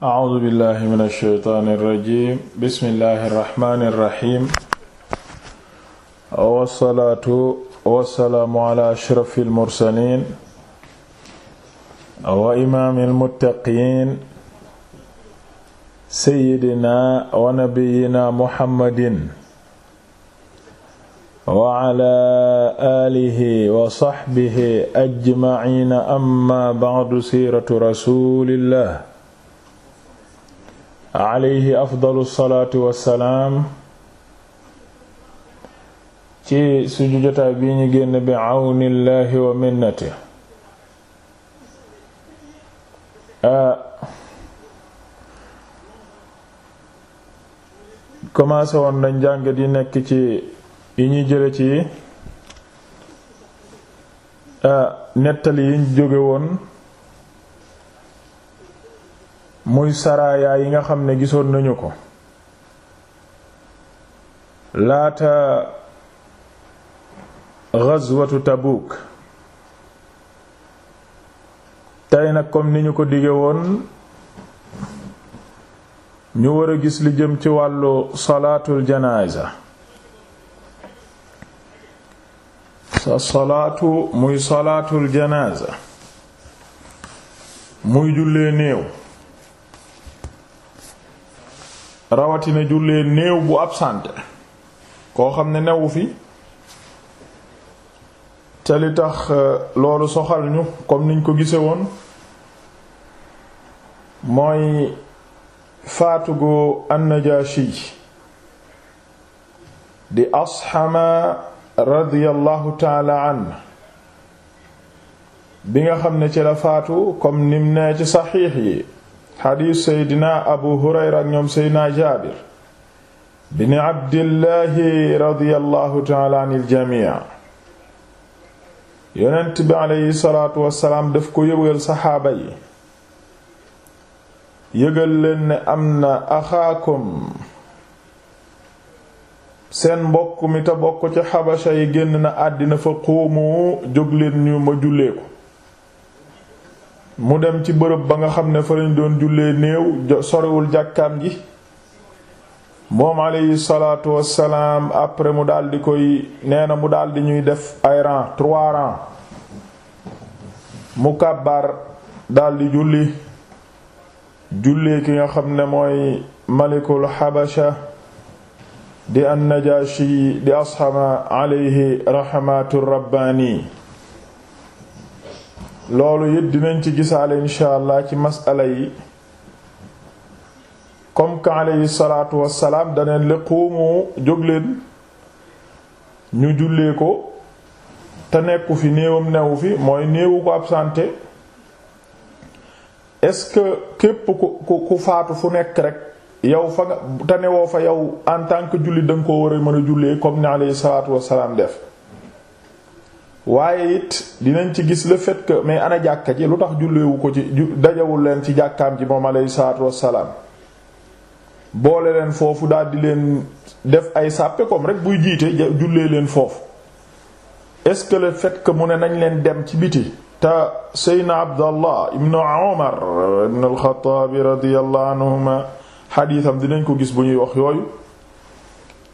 A'uuzu billahi mina shaytaani rajiim bismillahi rahmaani rahiim wassalaatu wassalaamu ala ashrafil mursaliin wa imaamil muttaqiin sayyidina wa nabiyyina Muhammadin wa ala aalihi wa sahbihi ajma'iin amma ba'du siiratu rasuulillah alayhi afdalu salaatu wassalaam ci suñu jotaay bi ñu génn bi àwnillaahi wa minnati a commencé woon dañ jàng di nekk ci yi ñuy jële ci ah, nettali yiñ jóge woon muy saraaya yi nga xam ne gisoon nañu ko laata ghazwatu Tabuk tay nag comme ni ñu ko dige woon ñu wara gis li jëm ci wàllu solaatul janaaza sa salaatu muy salaatul janaaza muy jullee néew rawatina jullee néew bu absente koo xam ne newu fi te li tax euh, loolu soxal ñu comme niñ ko gise woon mooy faatugu an-Najaashi di asxama radiyallahu taala an bi nga xam ne ci la faatu comme nim nee ci saxiix yi xadiis seydina abu hurayra ñoom seydina jaabir bini abdillahi radiyallahu taala anil jamii yonent bi aleyhi salaatu ko yëgal saxaaba yi yëgal leen am na axaakum seen mbokk mi te bokk ci xabasha yi génn na àddina fa xuumu jóg ñu ma jullee mu dem ci bërëb ba nga xam ne fa lañ doon jullee néew sorewul jàkkaam gi moom alayhi salaatu wassalaam après mu daldi koy nee na mu daal di ñuy def ay rang trois rang mu kàbbaar daldi julli jullee ki nga xam ne mooy malikul xabasha di an di asxama alayhi rahmatu rabbaani loolu yit dinañ ci gisaale incha allah ci masala yi comme que aleyhi salaatu wassalaam daneen li xuumu jógleen ñu jullee ko te nekku fi néewam newu fi mooy néewu ko absenté est-ce que képp ku ku faatu fu nekk rek yow fa nga te newoo fa yow en tant que jullit danga ko war mën a jullee comme ni aleyhi salaatu wassalaam def waaye it dinañ ci gis le fait que mais ana jàkka ji lu tax julleewu ko ci dajawul leen ci jàkkaam ji moom aleyhi salaatu wassalaam boole leen foofu daal di leen def ay sàppe comme rek buy jiite jullee leen foofu est-ce que le fait que mu ne nañ leen dem ci biti te seydna abdallah ibnu omar ibn alxataabi radiyallahu anhuma xadiisam dinañ ko gis bu ñuy wax yooyu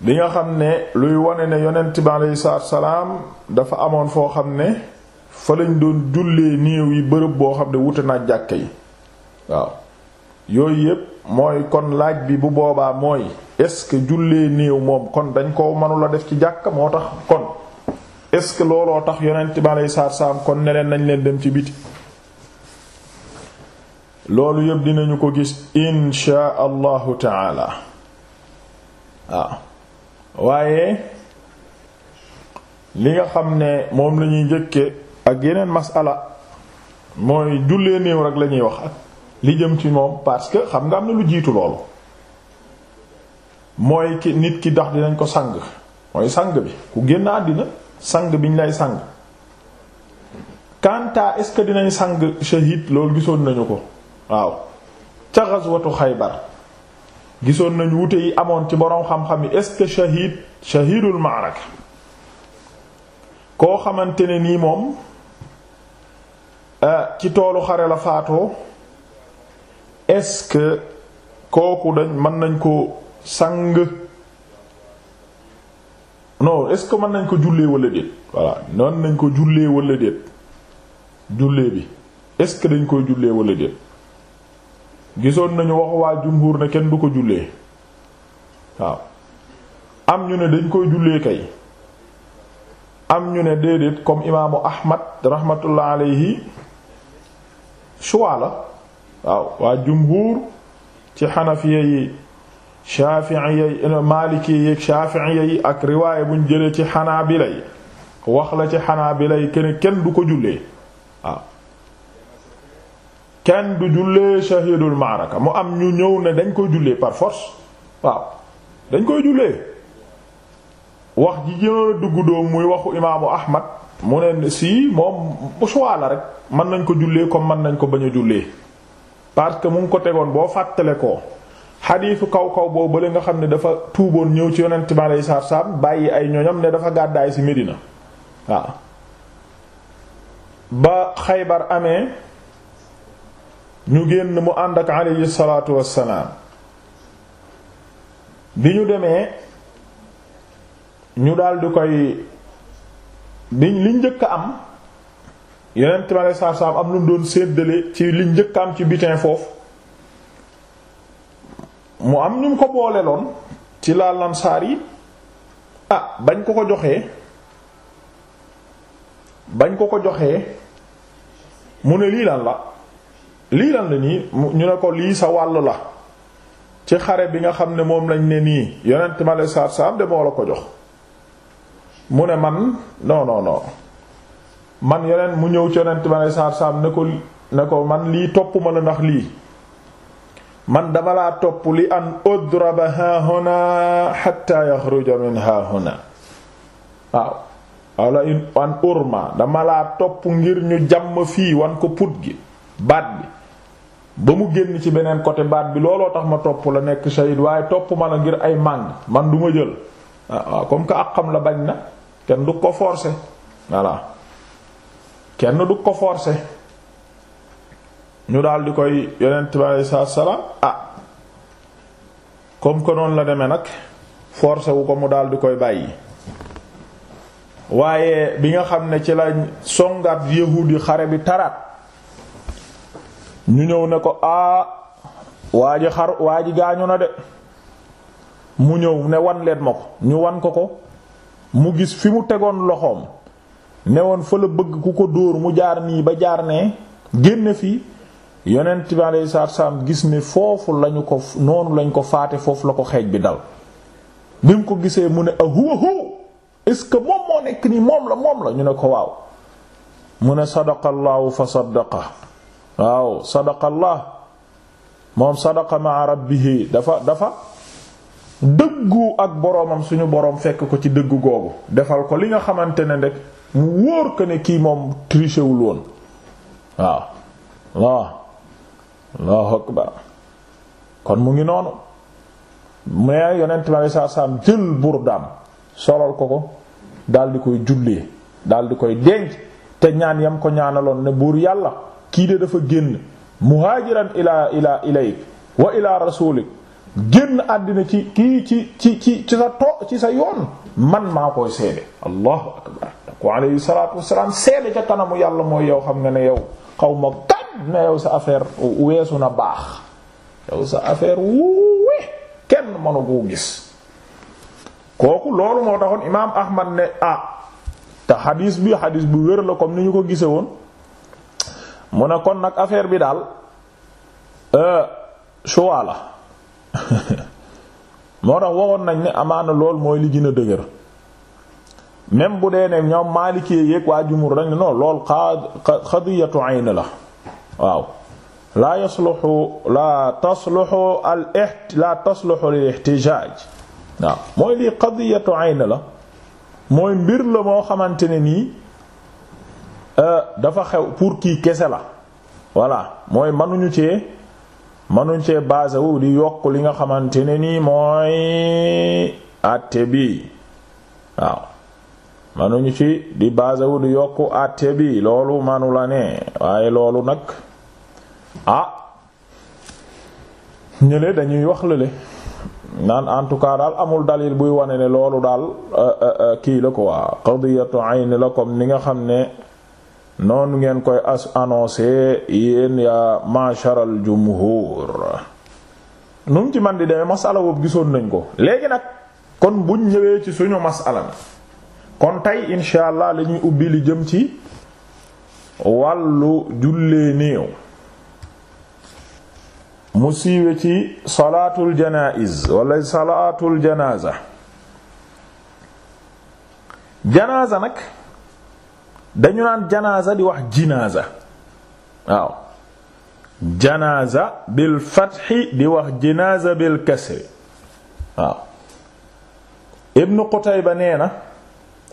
bi nga xam ne luy wane ne yonent bi aleyhi salaatu salaam dafa amoon foo xam ne fa lañ doon jullee néew yi bërëb boo xam ne wute na jàkk yi waaw yooyu yépp mooy kon laaj bi bu boobaa mooy est-ce que jullee néew moom kon dañ ko mënula def ci jàkk moo tax kon est-ce que looloo tax yonent bi aleyhi salaatu salaam kon ne leen leen dem ci biti loolu yépp dinañu ko gis inshaa allahu taala waaw waaye li nga xam ne moom lañuy ñuy njëkke ak yeneen masala mooy jullee néew rek lañuy wax ak li jëm ci moom parce que xam nga am na lu jiitu loolu mooy ki nit ki dox dinañ ko sang mooy sang bi ku génn àddina sang biñ lay sang kanta est dinañ sang shahid loolu gisoon nañu ko waaw ca ghazwatu Xaybar gisoon nañu wute yi amoon ci boroom xam-xam yi est-ce que shahid shahidul ma'raka koo xamante ne nii moom ah, ci toolu xare la faatoo est-ce que kooku dañ mën nañ ko sang non est-ce que mën nañ ko jullee walla déet voilà nañ ko jullee walla déet jullee bi est-ce que dañ koo jullee walla déet gisoon nañu wax waa jumhur na kenn du ko jullee waaw am ñu ne dañ koy jullee kay am ñu ne déedéet comme imaamu ahmad rahmatullah alayhi choix la waaw waa jumhur ci xanafiya yi chaafiiya yi maalikiya yi chaafiiya yi ak riwaaya buñ jëlee ci xanaabila yi wax la ci xanaabila yi kenn kenn du ko jullee kenn du jullee shahidul maaraka mu am ñu ñëw ne dañ koy jullee par force waaw dañ koy jullee wax ji jëna dugg doom muy waxu imaamu ahmad mu ne si moom choix la rek mën nañ ko jullee comme mën nañ ko bañ a jullee parce que mu ngi ko tegoon boo fàttale ko xadiisu kaw kaw boobu la nga xam ne dafa tuuboon ñëw ci yonent bi alayhi salaatu salaam bàyyi ay ñoñam ne dafa gàddaay ci Medina waaw ba Xaybar amee ñu génn mu ànd ak aleyhi salaatu wassalaam bi ñu demee ñu daldi koy bi liñ njëkk a am yeneen timale saab am lu doon séddale ci liñ njëkk am ci bitin foofu mu am ñu ko boole loon ci laa saar yi ah bañ ko ko joxee bañ ko ko joxee mu ne lii lan la lii lan la nii ñu ne ko lii sa wàll la ci xare bi nga xam ne moom lañ ne nii yonent ma lay saar saam de moo la ko jox mu ne man non man yonent mu ñëw ci yonent ma lay saar saam ne ko ne ko man lii topp ma la ndax lii man dama laa topp li an udraba hahuna hatta yakhruja min hahuna waaw wala an urma dama laa topp ngir ñu jàmm fii wan ko put gi baat bi ba mu génn ci beneen côté baat bi looloo tax ma topp la nekk shahid waaye topp ma la ngir ay màng man du ma jël ah, waaw comme que ak xam la bañ na kenn du ko forcer voilà kenn du ko forcer ñu daal di koy yonent bi alei salaatu salaam ah comme que noonu la demee nag forcer wu ko mu daal di koy bàyyi waaye bi nga xam ne ci la songaat yahuud yi xare bi taraat ñu ñëw ne ko aa ah, waa ji xar waa ji gaañu na de mu ñëw ne wan leen ma ko ñu wan ko ko mu gis fi mu tegoon loxoom ne woon fa la bëgg ku ko dóor mu jaar nii ba jaar ne génn fii yonent bi alayhi salaatu gis ni foofu lañu ko noonu lañ ko faate foofu la ko xeej bi dal bi mu ko gisee mu ne ahuwa huwa est-ce que moom moo nekk nii moom la moom la ñu ne ko waaw mu ne sadaqallahu fa saddaqa waaw sadaqallah moom sadaqa ma rabbihi dafa dafa dëggu ak boroomam suñu boroom fekk ko ci dëggu googu defal ko li nga xamante ne rek mu wóor ko ne kii moom trichewul woon waaw waaw allahu akbar kon mu ngi noonu mais yonent ma saa saam buur daam solal ko ko dal di koy jullee dal di koy denc te ñaan yam ko ñaanaloon ne buur yàlla kii de dafa génn muhaajiran ilaa ilaa ilayk wa ilaa rasuulik génn àddina ci kii ci ci ci ci sa to ci sa yoon man maa koy seede allahu akbar ko alayhi salaatu wassalaam seede ca kanamu yàlla mooy yow xam nga ne yow xaw ma gàj na yow sa affaire weesu na baax yow sa affaire wuuwe kenn mënu koo gis kooku loolu moo taxoon imaam ahmad ne ah te xadiis bi xadiis bu wér la comme ni ñu ko gise woon mu ne kon nag affaire bi daal euh, choix la moo tax waxoon nañ ni amaana lool mooy li gën a dëgër même bu dee ne ñoom maalikee yéeg waa jumhur dañ ne non lool xadiyatu ayn la waaw laa yasluxu laa tasluxu al iht laa tasluxu lil ihtijaaj waaw mooy lii qadiyatu la mooy mbir la moo xamante ne nii Euh, dafa xew pour kii kese la voilà mooy mënuñu cee mënuñu cee basé wu di yokk li nga xamante ne nii mooy àtte bi waaw mënuñu ci di basé wu di yokk àtte bi loolu manu la ne waaye loolu nag ah ñële dañuy wax lale naan en tout cas daal amul dalil buy wone ne loolu daal euh, euh, kii la quoi qadiyatu ayn la comme ni nga xam ne noonu ngeen koy as annoncé yéen yaa masharal jumhur nu mu ci man di demee masala boobu gisoon nañ ko léegi nag kon buñ ñëwee ci suñu masala mi kon tey incha allah lañuy ubbi li jëm ci wàllu jullee néew mu siiwe ci salaatul janaiz wala salaatul janaza janaza nag dañu naan janaza di wax jinaasa waaw janaza bil fathi di wax jinaasa bil kasri waaw ibnu Qutayba nee na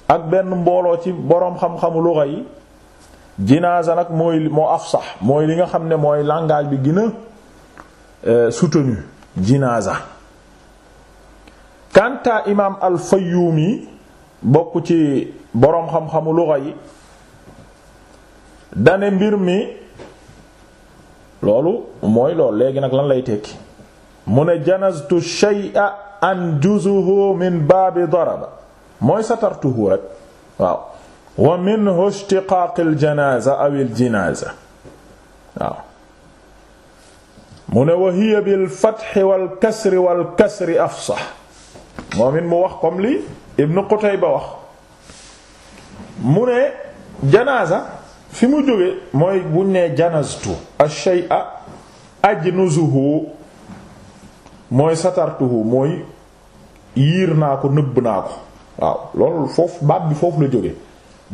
ak benn mbooloo ci boroom xam-xamu luga yi jinaza nag mooy moo afsax mooy li nga xam ne mooy langage bi gën a euh, soutenu jinaza kanta imaam al-Fayyumi bokk ci boroom xam-xamu luga yi dane mbir mi loolu mooy loolu léegi nag lan lay tekki mu ne janaztu shay'a an min baabi daraba mooy satartuhu rek waaw wa minhu ishtiqaaq al aw al mu ne wa hiya bil fath wal kasri wal kasri afsah moom mu wax comme li Ibn Qutayba wax mu ne janaza fi mu jóge mooy buñ nee janaztu ash-shay'a ajnuzuhu mooy satartuhu mooy yiir naa ko nëbb naa ko waaw loolu foofu baat bi foofu la jóge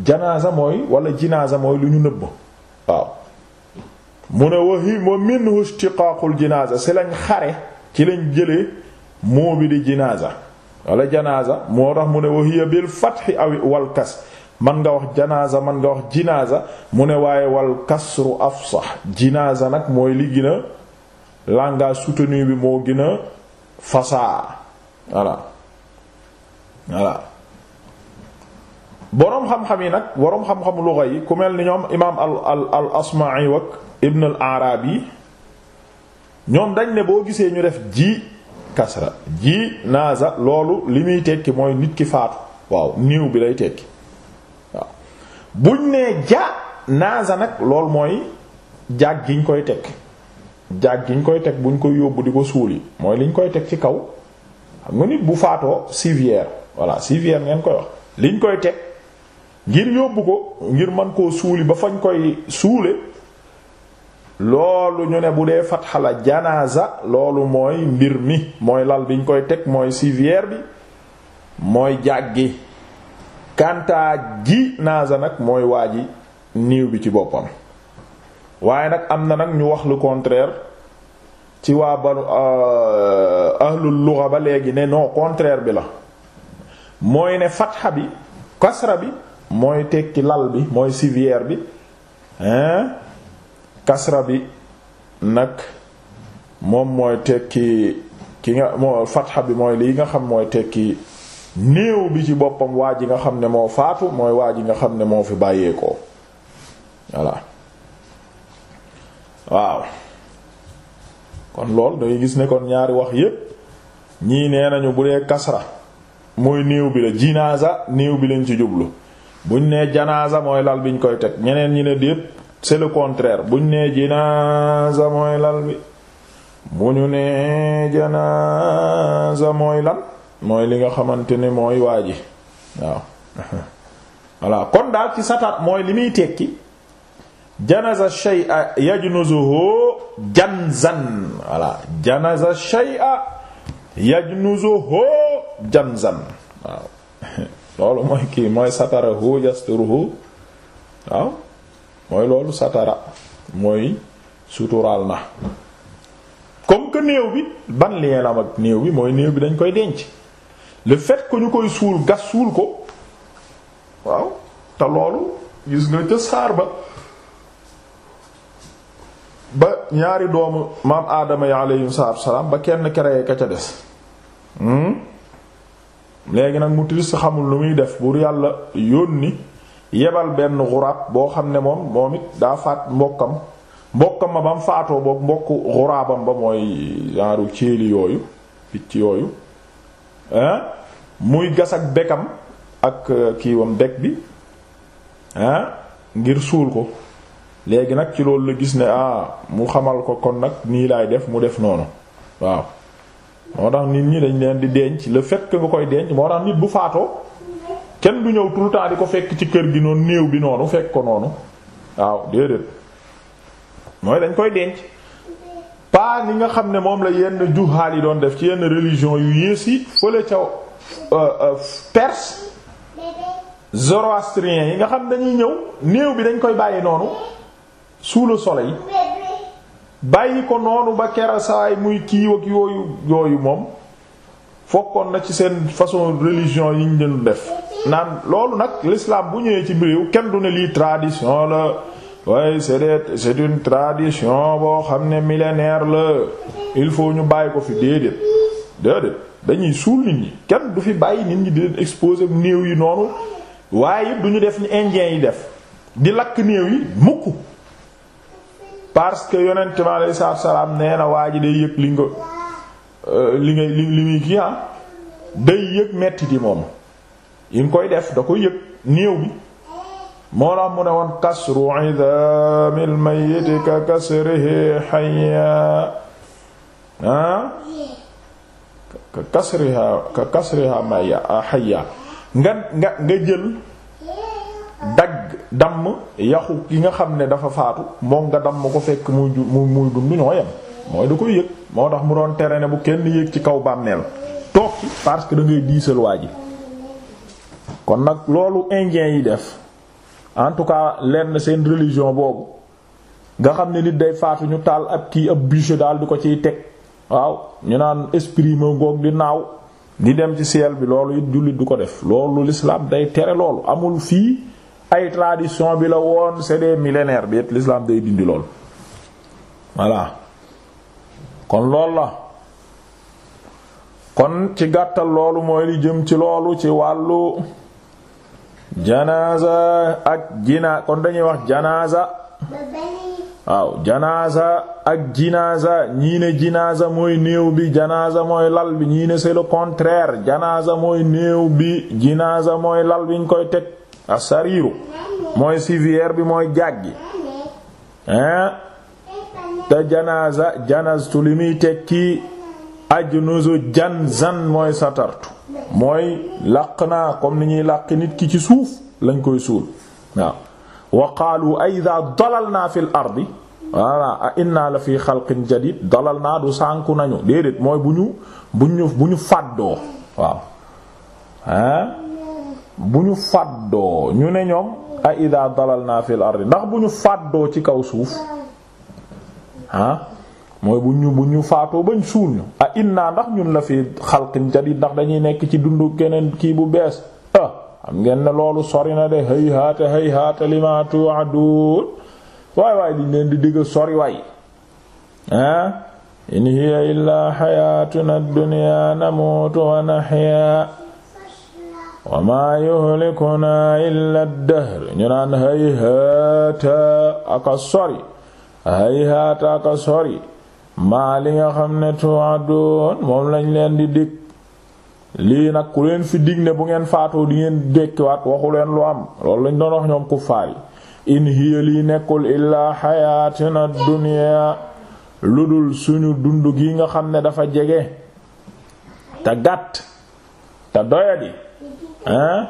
janaza mooy wala jinaza mooy lu ñu nëbb waaw mu ne wahi wa minhu ishtiqaaqul jinaza si lañ xare ci lañ jëlee moo bi di jinaza wala janaza moo tax mu ne wahiya bil fathi aw wal man nga wax janaasa man nga wax jinaasa mu ne waaye wal kasru afsah jinaasa nag mooy li gën a langage soutenu bi moo gën a fasaa voilà voilà boroom xam-xam yi nag boroom xam-xam luga yi ku mel ni ñoom imaam al al al asma'i wak ibn al ñoom dañ ne boo gisee ñu def ji kasra ji naasa loolu li muy tekki mooy nit ki faatu waaw niiw bi lay tekki buñ nee ja naaza nag loolu mooy jaag giñ koy teg jàggiñ koy teg buñ koy yóbbu di ko suul yi mooy liñ koy teg ci kaw xam nga nit bu faatoo civière voilà civière ngeen koy wax liñ koy teg ngir yóbbu ko ngir mën koo suuli ba fañ koy suule loolu ñu ne bu dee fatxa la janaza loolu mooy mbir mi mooy lal biñ koy teg mooy civière bi mooy jaag gi kantaa ji naaza nag mooy waa ji niiw bi ci boppam waaye nag am na nag ñu wax lu contraire ci waa banu euh, ahlul lugha ba léegi ne non contraire bi la mooy ne fatxa bi kasra bi mooy tekki lal bi mooy civière bi hein kasra bi nag moom mooy tekki ki nga moo fatxa bi mooy lii nga xam mooy tekki néew bi ci boppam waa ji nga xam ne moo faatu mooy waa ji nga xam ne moo fi bàyyeekoo voilà waaw kon lool dangay gis ne kon ñaari wax yépp ñii nee nañu bu dee kasra mooy néew bi la jinaasa néew bi lañ ci jublu buñ nee janaasa mooy biñ koy teg ñeneen ñi ne dépp c'est buñ nee jinaasa mooy lal bi bu ñu nee janaasa mooy lal mooy li nga xamante ni mooy waa ji waaw voilà kon daal ci sataat mooy li muy tekki janaza shay'a yajnuzuhu janzan voilà janaza shay'a yajnuzuhu janzan waaw loolu mooy kii mooy satarahu yasturuhu waaw mooy loolu satara mooy suturaal na comme que néew bi ban lien la mag néew bi mooy néew bi dañ koy denc le fait ko ñu koy suul gas suul ko waaw te loolu gis nga ca saar ba ba ñaari doomu maam aadama yi alayhim salaatu salaam ba kenn kereyee ka ca des hmm? léegi nag mu triste xamul lu muy def buur yàlla yónni yebal benn xuraab boo xam ne moom moom it daa faat mbokkam mbokkam ma ba mu faatoo boog mbokku xuraabam ba mooy genre céeli yooyu picc yooyu hein muy gas ak bekam ak euh, kiiwam bek bi ah, ngir suul ko léegi nag ci loolu la gis ne ah mu xamal ko kon nag nii lay def mu def noonu waaw moo tax nit ñi dañ leen di denc le fait que nga koy denc moo tax nit bu faatoo kenn du ñëw tout di ko fekk ci kër gi noonu néew bi noonu fekk ko noonu waaw déedéet mooy dañ koy denc pas ni nga xam ne moom la yenn juhaal yi doon def ci yenn religion yu yées yi fële ca Euh, euh, perse zoroastrien yi nga xam dañuy ñëw néew bi dañ koy bàyyi noonu sous le soleil bàyyi ko noonu ba kerasaay muy kiiw ak yooyu yooyu moom fokkoon na ci seen façon religion yi ñu def naan loolu nag l'islam bu ñëwee ci biir kenn du ne lii tradition la waaye c'est une tradition boo xam ne millénaire la il faut ñu bàyyi ko fi déedéet déedéet dañuy suul nit ñi kenn du fi bàyyi nit ñi di leen exposer néew yi noonu waaye du ñu def ñu indien yi def di lakk néew yi mukk parce que yonent mi alayhi salaatu salaam nee na waa ji day yëg li nga euh, li ngay li muy kii ah day yëg metti moom yi nga koy def da koy yëg néew bi moo tax mu ne woon kasru idamil mayyit ka kasrihi hayya ah ka kasriha ka kasriha maya nga nga nga jël dagg damm yaxu gi nga xam ne dafa faatu moom nga damm ko fekk mu mu dund ñoo yem mooy da koy yëg moo tax mu doon tere ne bu kenn yéeg ci kaw bàmmeel toog ci parce que da ngay diisal waa ji kon nag loolu indien yi def en tout cas lenn seen religion boobu nga xam ne nit day faatu ñu taal ab kii ab bûche daal du ko ciy teg waaw ñu naan esprit ma ngoog di naaw di dem ci ciel bi loolu it jullit du ko def loolu l'islam day tere loolu amul fii ay tradition bi la woon c'est des millénaires bi it day dindi lool voilà kon loolu la kon ci gàttal loolu mooy li jëm ci loolu ci wàllu janaza ak jinaa kon dañuy wax janaza waaw janaasa ak jinaasa ñiine ne jinaasa mooy néew bi janaasa mooy lal bi ñiine ne c'est le contraire janaasa mooy néew bi jinaasa mooy lal bi ñu koy teg asariiru mooy civière bi mooy jàggi hein te janaasa janastu li muy tekki ajnuzu janzan mooy satartu mooy làq naa comme ni ñuy làq nit ki ci suuf lañ koy suul waaw wa qaalu a ida dalalna fi l ardi wala a inna la fi xalqin jadid dalal naa du sànku nañu déedéet mooy bu ñu bu ñu bu ñu fàddoo waaw ah bu ñu fàddoo ñu ne ñoom a ida dalalna fi ardi ndax bu ñu fàddoo ci kaw suuf ah mooy bu ñu bu ñu faatoo bañ suul ñu a inna ndax ñun la fi xalqin jadid ndax dañuy nekk ci dundu keneen kii bu bees xam ngeen loolu sori na de hay haata hay haata lima tu'adun waay leen di digg sori waay ah in hiya illaa xayatuna ad-dunya namuutu wa nahya wa maa yuhlikuna illa ad ñu naan hay aka sori hay aka sori maa xam ne tu'adun moom lañ leen di digg lii nag ku leen fi dig ne bu ngeen faatoo di ngeen dekkiwaat waxu leen lu am loolu lañ doon wax ñoom kuffaar yi in hiya lii nekkul illaa xayaatina dunya lu dul suñu dund gi nga xam ne dafa jege te gàtt te doyadi hein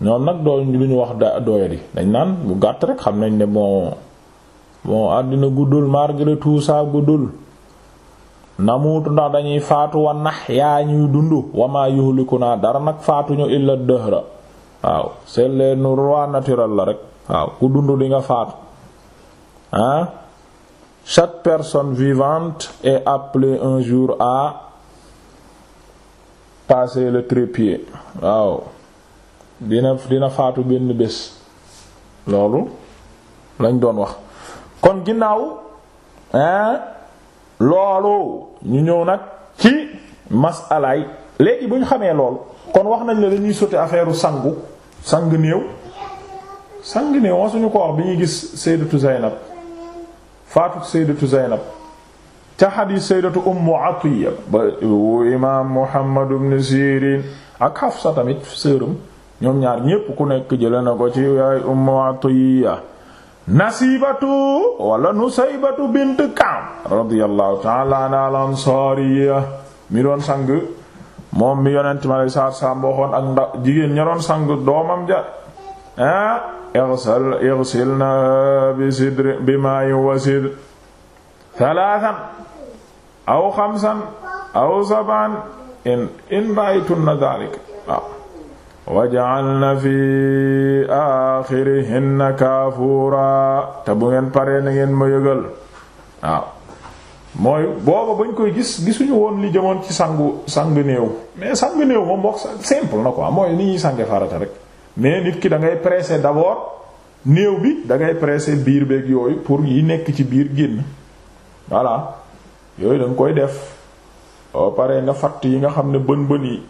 ñoom nag doo lu ñu wax doyadi dañ naan bu gàtt rek xam nañ ne bon bon àddina guddul malgré tout ça guddul namuutu ndax dañuy faatu wa nax yaa ñuy dund wamaa yuhliku naa dara nag faatuñu illa dëhra waaw c'est le droit naturel la rek waaw ku dund di nga faatu ah chaque personne vivante et appelée un jour à passer le trépied waaw dina dina faatu benn bés loolu lañ doon wax kon ginnaaw ah loolu ñu ñëw nag ci masalaay léegi bu ñu xamee lool kon wax nañ la dañuy sotti affaire sangu sang néew sang néew waa suñu ko wax bi ñuy gis sayyidatu Zaynab faatu sayyidatu Zaynab ca xadiis sayyidatu Ummu Atiya ba imaam Muhammad ibn Sirin ak Hafsa tamit sëram ñoom ñaar ñépp ku nekk jële na ko ci yaay Ummu Atiya nasibatu wala nusaybatu bint Kaab radiyallahu ta'ala anha al-ansariya mi doon sang moom mi yonent ma lay saar saam waxoon ak ndax jigéen ña doon sang doomam ja ah ighsal ighsilna bi sidr bi ma'in wa sidr thalathan aw khamsan aw sab'an in in ra'aytunna dhalika waaw na fi aaxirihinna kaafuura te bu ngeen paree na ngeen ma yëgal waaw mooy booba bañ koy gis gisuñu woon li jëmoon ci sangu sangu néew mais sangu néew moom wax simple na quoi mooy ni ñuy sange farata rek mais nit ki da ngay presser d'abord néew bi da ngay presser biir beeg yooyu pour yi nekk ci biir génn voilà yooyu da koy def oo paree nga fatt yi nga xam ne bën bën yi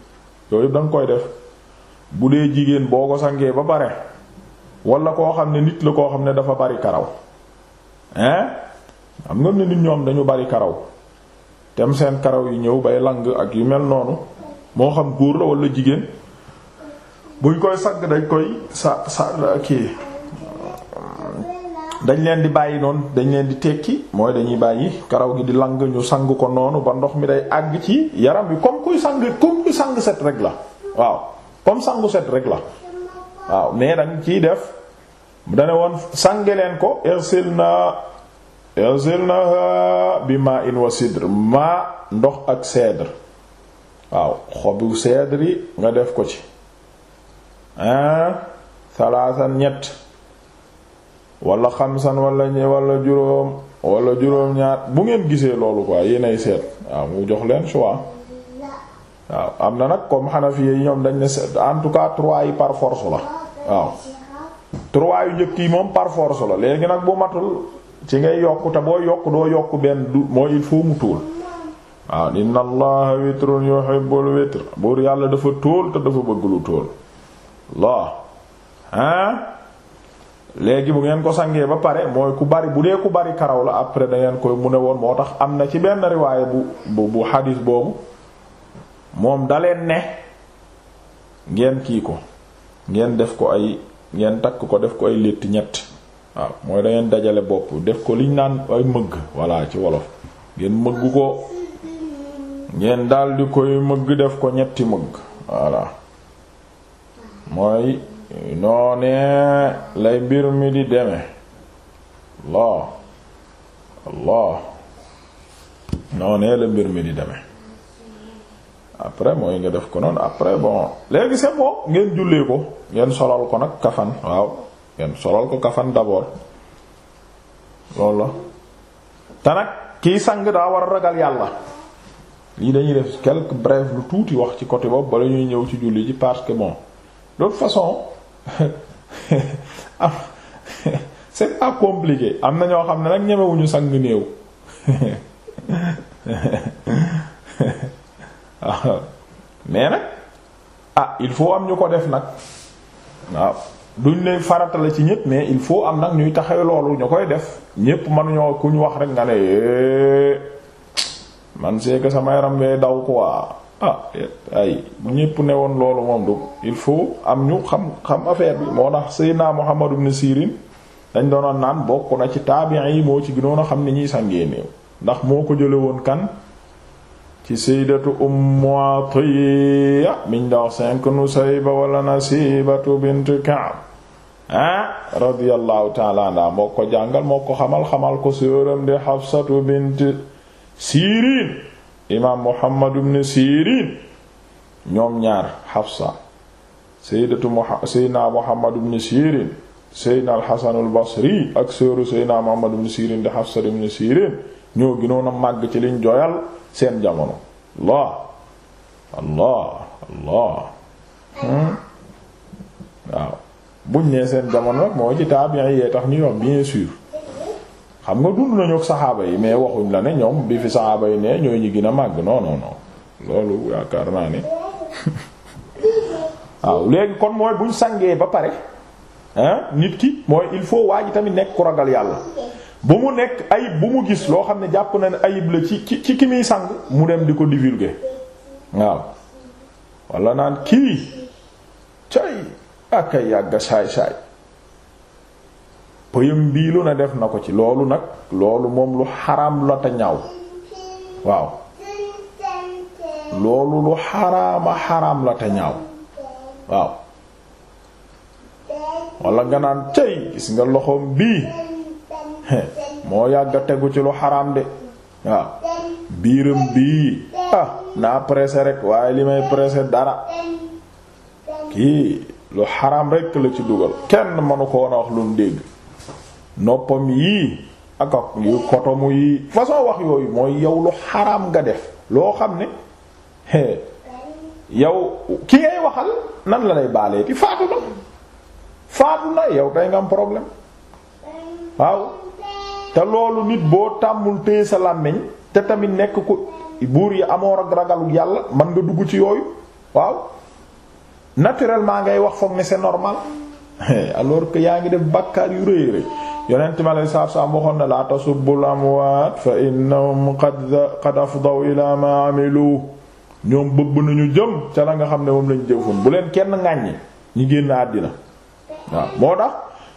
yooyu da nga koy def bu dee jigéen boo ko sangee ba pare wala koo xam ne nit la koo xam ne dafa bari karaw hein am nga ne nit ñoom dañu bari karaw tem seen karaw yu ñëw bay lang ak yu mel noonu moo xam góor la wala jigéen buñ koy sagg dañ koy sa sa kii dañ leen di bàyyi noonu dañ leen di tekki mooy dañuy bàyyi karaw gi di lang ñu sang ko noonu ba ndox mi day àgg ci yaram bi comme kuy sang comme kuy sang set rek la waaw comme sangu set rek la waaw mais dañ ciy def dane woon sange leen ko irsilna na bi ma in wa sidr maa ndox ak cèdre waaw xobu cèdre yi nga def ko ci hein salaasan ñett wala xamsan wala wala juróom wala juróom ñaar bu ngeen gisee loolu quoi yéenay seet waaw mu jox leen choix waaw am na nag comme Hanafi yi ñoom dañ ne en tout cas trois yi par force la waaw trois yu njëkk yi moom par force la léegi nag bu matul ci ngay yokk te boo yokk doo yokk benn du moo il faut mu tuul waaw inna allaha witrun yuhibbul witr buur yàlla dafa tóol te dafa bëgg lu tóol la ah léegi bu ngeen ko sangee ba pare mooy ku bari bu dee ku bari karaw la après da ngeen koy mu ne woon moo tax am na ci benn riwaaya bu bu bu xadiis boobu moom daleen ne ngeen kii ko ngeen def ko ay ngeen takk ko def ko ay létt ñett waaw mooy dangeen dajale bopp def ko liñ naan ay mëgg walla ci wolof ngeen mëgg ko ngeen daldi koy mëgg def ko ñetti mëgg walla mooy noonee lay mbir mi di deme Allah Allah noonee la mbir mi di deme après mooy nga def ko noonu après bon léegi c'est bon ngeen jullee ko ngeen solal ko nag kafan waaw ngeen solal ko kafan d'abord loolu la te nag kiy sang daa war a ragal yàlla lii dañuy def quelque bref lu tuuti wax ci côté boobu bala ñuy ñëw ci julli ji parce que bon d'autre façon am c'est pas compliqué am na ñoo xam ne nag ñemewuñu sang néew mais nag ah il faut am ñu ko def nag waaw duñ ne faratale la ci ñépp mais il faut am nag ñuy taxawe loolu ñu koy def ñépp mënuñoo ku ñu wax rek nga ne eh, man c'est que sama yaram bee daw quoi ah ay bu ñépp ne woon loolu moom du il faut am ñu xam xam affaire bi moo tax Seydina Muhammad ibn Sirin dañ doonoon naan bokk na ci taabi'i yi moo ci gënoon a xam ni ñuy sangee néew ndax moo ko jële woon kan ci saydatu ummu atiya miñ daax cinq nusayba wala nasibatu bint kaab ah radiyallahu taala anha moo ko jàngal moo ko xamal xamal ko sóoram di xafsatu bint sirin imaam muhammad ibn sirin ñoom ñaar xafsa sayyidatu sayyidina muhammad sirin sayyidina al-hasan ak sóoru sayyidina muhammad ibn sirin di xafsatu ibn sirin ñoo gënoon a màgg ci liñ jooyal seen jamono allah allah allah hmm? waaw buñ nee seen jamono nag moo ci tabi'i yee tax ñuy yoon bien sûr xam nga dund nañu ak saxaaba yi mais waxuñ la ne ñoom bi fi saxaaba yi ne ñooy ñi gën a màgg non non non loolu yaakaar naa ne waaw léegi kon mooy buñ sangee ba pare ah nit ki mooy il faut waa ji tamit nekk ku ragal yàlla bu mu nekk ayib bu mu gis loo xam ne jàpp na ne ayib la ci ci ki muy sang mu dem di ko divulguer waaw wala naan kii cay akay yàgga saay-saay pëyam bii lu ne def na ko ci loolu nag loolu moom lu xaraam la te ñaaw waaw loolu lu xaraama xaraam la te ñaaw waaw wala nga naan cay gis nga loxoom bii moo yàgga tegu ci lu xaraam de waaw biiram bii ah, naa pressé rek waaye li may pressé dara kii lu xaraam rek la ci dugal kenn mënu ko woon a wax lu mu dégg noppam yii ak ak kotomu yii façon wax yooyu mooy yow lu xaraam nga def loo xam ne yow ki ngay waxal nan la lay baaleeti faatu na faatu na yow tey nga am problème waaw te loolu nit boo tàmmul téye sa làmmiñ te tamit nekk ko buur yi amoo ak yàlla man nga dugg ci yooyu waaw naturellement ngay wax foog ne se normal alors que yaa ngi def bàkkaar yu rëy rëy yonent ma lay saaf saaf waxoon na laa tasubbul amwaat fa innahum qad qad afdaw ila ma amilu ñoom bëgg nañu jëm ca la nga xam ne moom lañ jëfoon bu leen kenn ŋàññi ñi génn àddina waaw moo tax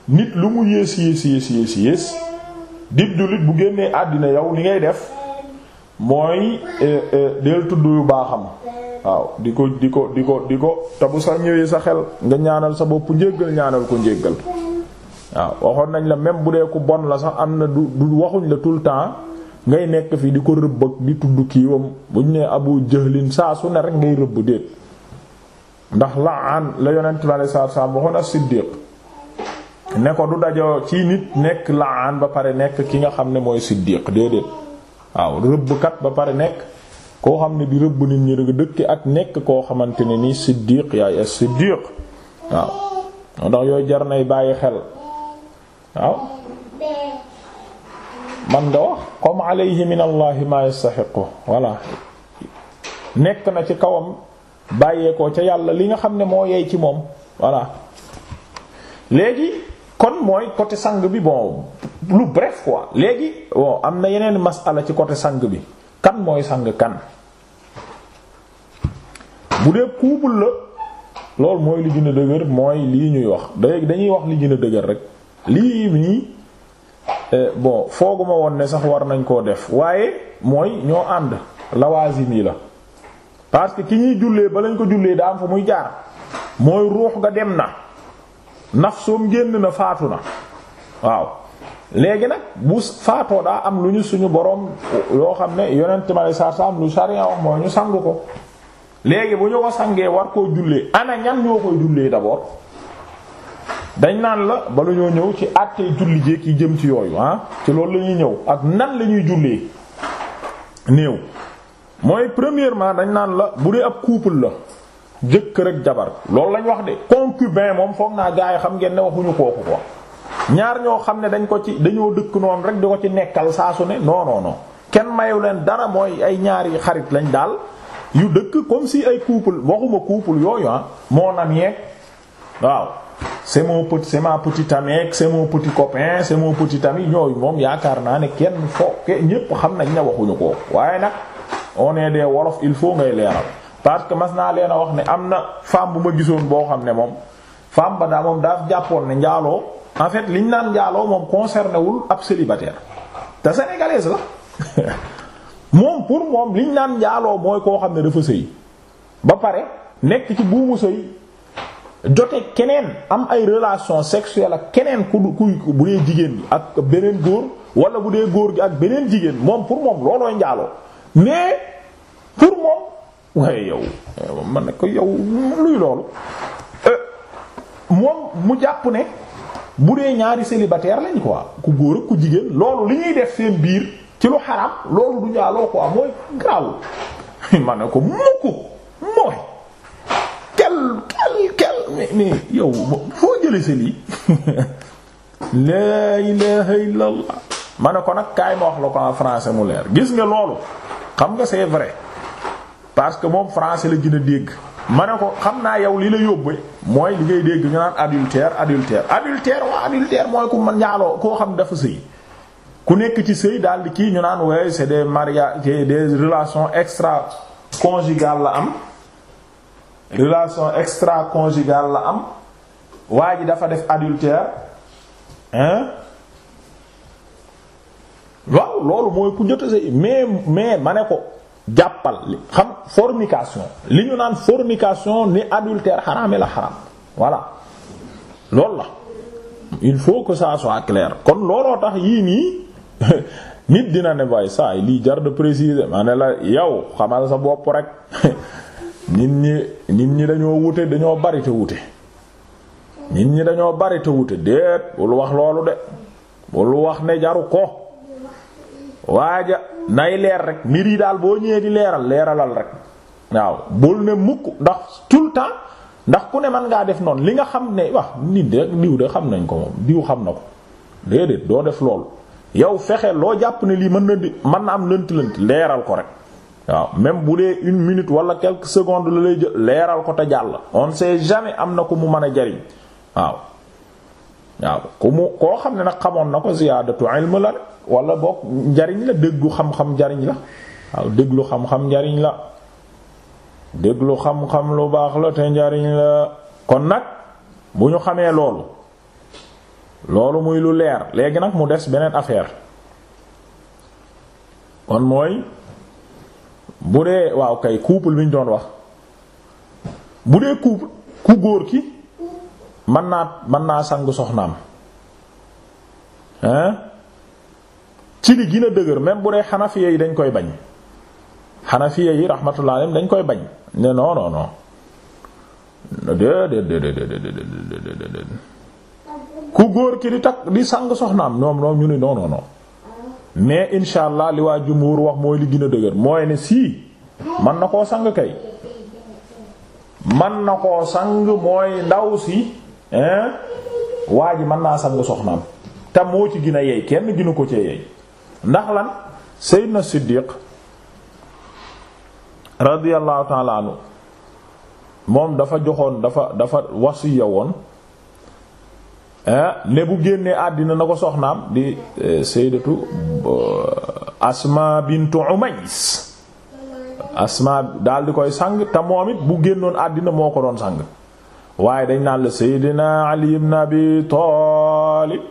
nit lu mu yées yées yées yées yées dib jullit bu génnee àddina yow li ngay def mooy eh, eh, del tudd yu baaxam waaw di ko di ko di ko di ko te sax sa ñëwee sa xel nga ñaanal sa bopp njéggal ñaanal ko njégal waaw waxoon nañ la même bu dee ku bon la sax am na du du waxuñ la tout le temps ngay nekk fi di ko rëbb ak di tudd kiiwam buñ ne abu jëhlin saa su ne rek ngay rëbb déet ndax la an la yonent bi sallallahu alayhi wasallam waxoon as-Siddiq ne ko du dajoo ci nit nekk laan ba pare nekk ki nga xam ne mooy siddiq déedéet waaw rëbbkat ba pare nekk koo xam ne di rëbb nit ñi rek dëkk ak nekk koo xamante ne nii siddiq yaay as siddiq waaw ndax yooyu jar nay bàyyi xel waaw man nga wax comme alayhi min allahi ma yastaxiqu voilà nekk na ci kawam bàyyeekoo ca yàlla li nga xam ne moo yey ci moom voilà léegi kon mooy côté sang bi bon lu bref quoi léegi o am na yeneen masala ci côté sang bi kan mooy sang kan bu dee couple la loolu mooy li gën a dëgër mooy lii ñuy wax léegi dañuy wax li gën a dëgër rek lii nii eh, bon fooguma woon ne sax war nañ koo def waaye mooy ñoo ànd lawaasim yi la parce que ki ñuy jullee ba lañ ko jullee daa am fa muy jaar mooy ruux nga dem na nafsoom génn na faatu na waaw léegi nag bu faatoo daa am lu ñu suñu boroom yoo xam ne yonent ma lay saa am lu sariya wax mooy ñu sang ko léegi bu ñu ko sangee war koo jullee ana ñan ñoo koy jullee d'abord dañ naan la ba lu ñoo ñëw ci àttee julli jéeg yi jëm ci yooyu ah ci loolu la ñuy ñëw ak nan lañuy ñuy jullee néew mooy premièrement dañ naan la bu dee ab couple la. jëkkër ak jabar loolu lañ wax de concubin moom foog naa gaa yi xam ngeen ne waxuñu kooku ko ñaar ñoo xam ne dañ ko ci dañoo dëkk noonu rek di ko ci nekkal saa ne non non kenn mayu leen dara mooy ay ñaari xarit lañ daal yu dëkk comme si ay couple waxuma couple yooyu ah moo ami yeeg waaw c'est mon petit c'est ma petite amie ak c'est mon petit copain c'est mon ñooyu moom yaakaar naa ne kenn foo ñépp xam nañ ne waxuñu ko waaye nag on est wolof il faut ngay leeral. parce que mas naa leen a wax ne am na femme bu ma gisoon boo xam ne moom femme ba daa moom daal jàppoon ne njaaloo en fait liñ naan njaaloo moom concerné wul ab célibataire te sénégalaise la moom pour moom liñ naan njaaloo mooy koo xam ne dafa sëy ba pare nekk ci buumu sëy jote keneen am ay relation sexuelle ak keneen ku ku bu dee jigéen gi ak beneen góor wala bu dee góor gi ak beneen jigéen moom pour moom loolooy njaaloo mais pour moom waaye yow eh, man na ko yow luy loolu eh, moom mu jàpp ne bu dee ñaari célibataire lañ quoi ku góor ak ku jigéen loolu li ñuy def seen biir ci lu xaram loolu du njaaloo quoi mooy garaawul man ne ko mukk mooy kel kel kel mais yow foo jële sa lii laa ilaha illa allah ma ne ko nag kaay ma wax la ko en français mu leer gis nga loolu xam nga c'est vrai parce que moom français la gën a dégg ma ne ko xam naa yow li la yóbbee mooy li ngay dégg nga naan adultère adultère adultère waa adultère mooy ku man ñaaloo koo xam dafa sëy ku nekk ci sëy daal di kii ñu naan waaye c'est des mariages des relation extra conjugales la am relation extra conjugale la am waa ji dafa def adultère hein waaw loolu mooy ku sëy mais mais ma ne ko jàppal xam fornication li ñu naan fornication ni adultère xaraame la xaraam voilà loolu la il faut que ça soit clair kon looloo tax yii nii nit dina ne waaye saa yi lii jar de préciser ma ne la yow xamal sa bopp rek nit ñi nit ñi dañoo wute dañoo bari te wute nit ñi dañoo bari te wute déet bul wax loolu de bul wax ne jaru ko waaja nay leer rek mbir yi daal boo ñëwee di leeral leeralal rek waaw bul ne mukk ndax tout le temps ndax ku ne mën ngaa def noonu li nga xam ne wax nit de diw de xam nañ ko moom diw xam na ko déedéet doo def loolu yow fexe loo jàpp ne lii mën na di mën na am lënt-lënt leeral ko rek waaw même bu dee une minute wala quelques secondes la lay jël leeral ko te jàll on sait jamais am na ko mu mën a jariñ waaw waaw ku mu koo xam ne nag xamoon na ko si ilm la wala boog njariñ la déggu xam-xam njariñ la waaw déglu xam-xam njariñ la déglu xam-xam lu baax la te njariñ la kon nag bu ñu xamee loolu loolu muy lu leer léegi nag mu des beneen affaire kon mooy bu dee waaw kay couple bi ñu doon wax bu dee couple ku góor ki mën naa mën naa sang soxnaam hein ci li gën a dëgër même bu dee xanafiya yi dañ koy bañ xanafiya yi rahmatullah alayhim dañ koy bañ ne non ku góor ki di takk di sang soxnaam ñoom ñoom ñu ne non non mais insha allah li waa jumhur wax mooy li gën a dëgër mooy ne sii man na koo sang kay man na koo sang mooy ndaw si waa ji man naa sang soxnaam te moo ci gën a yey kenn gënu ko cee yey ndax lan Seydina Siddiq radiyallahu ta'ala moom dafa joxoon dafa dafa wasiya woon eh, ne bu génnee àddina na ko soxnaam di eh, Sayyidatu eh, Asma bintu Umays Asma daal di koy sang te moom it bu génnoon àddina moo ko doon sang waaye dañ naan la Seydina Ali ibn Abi Talib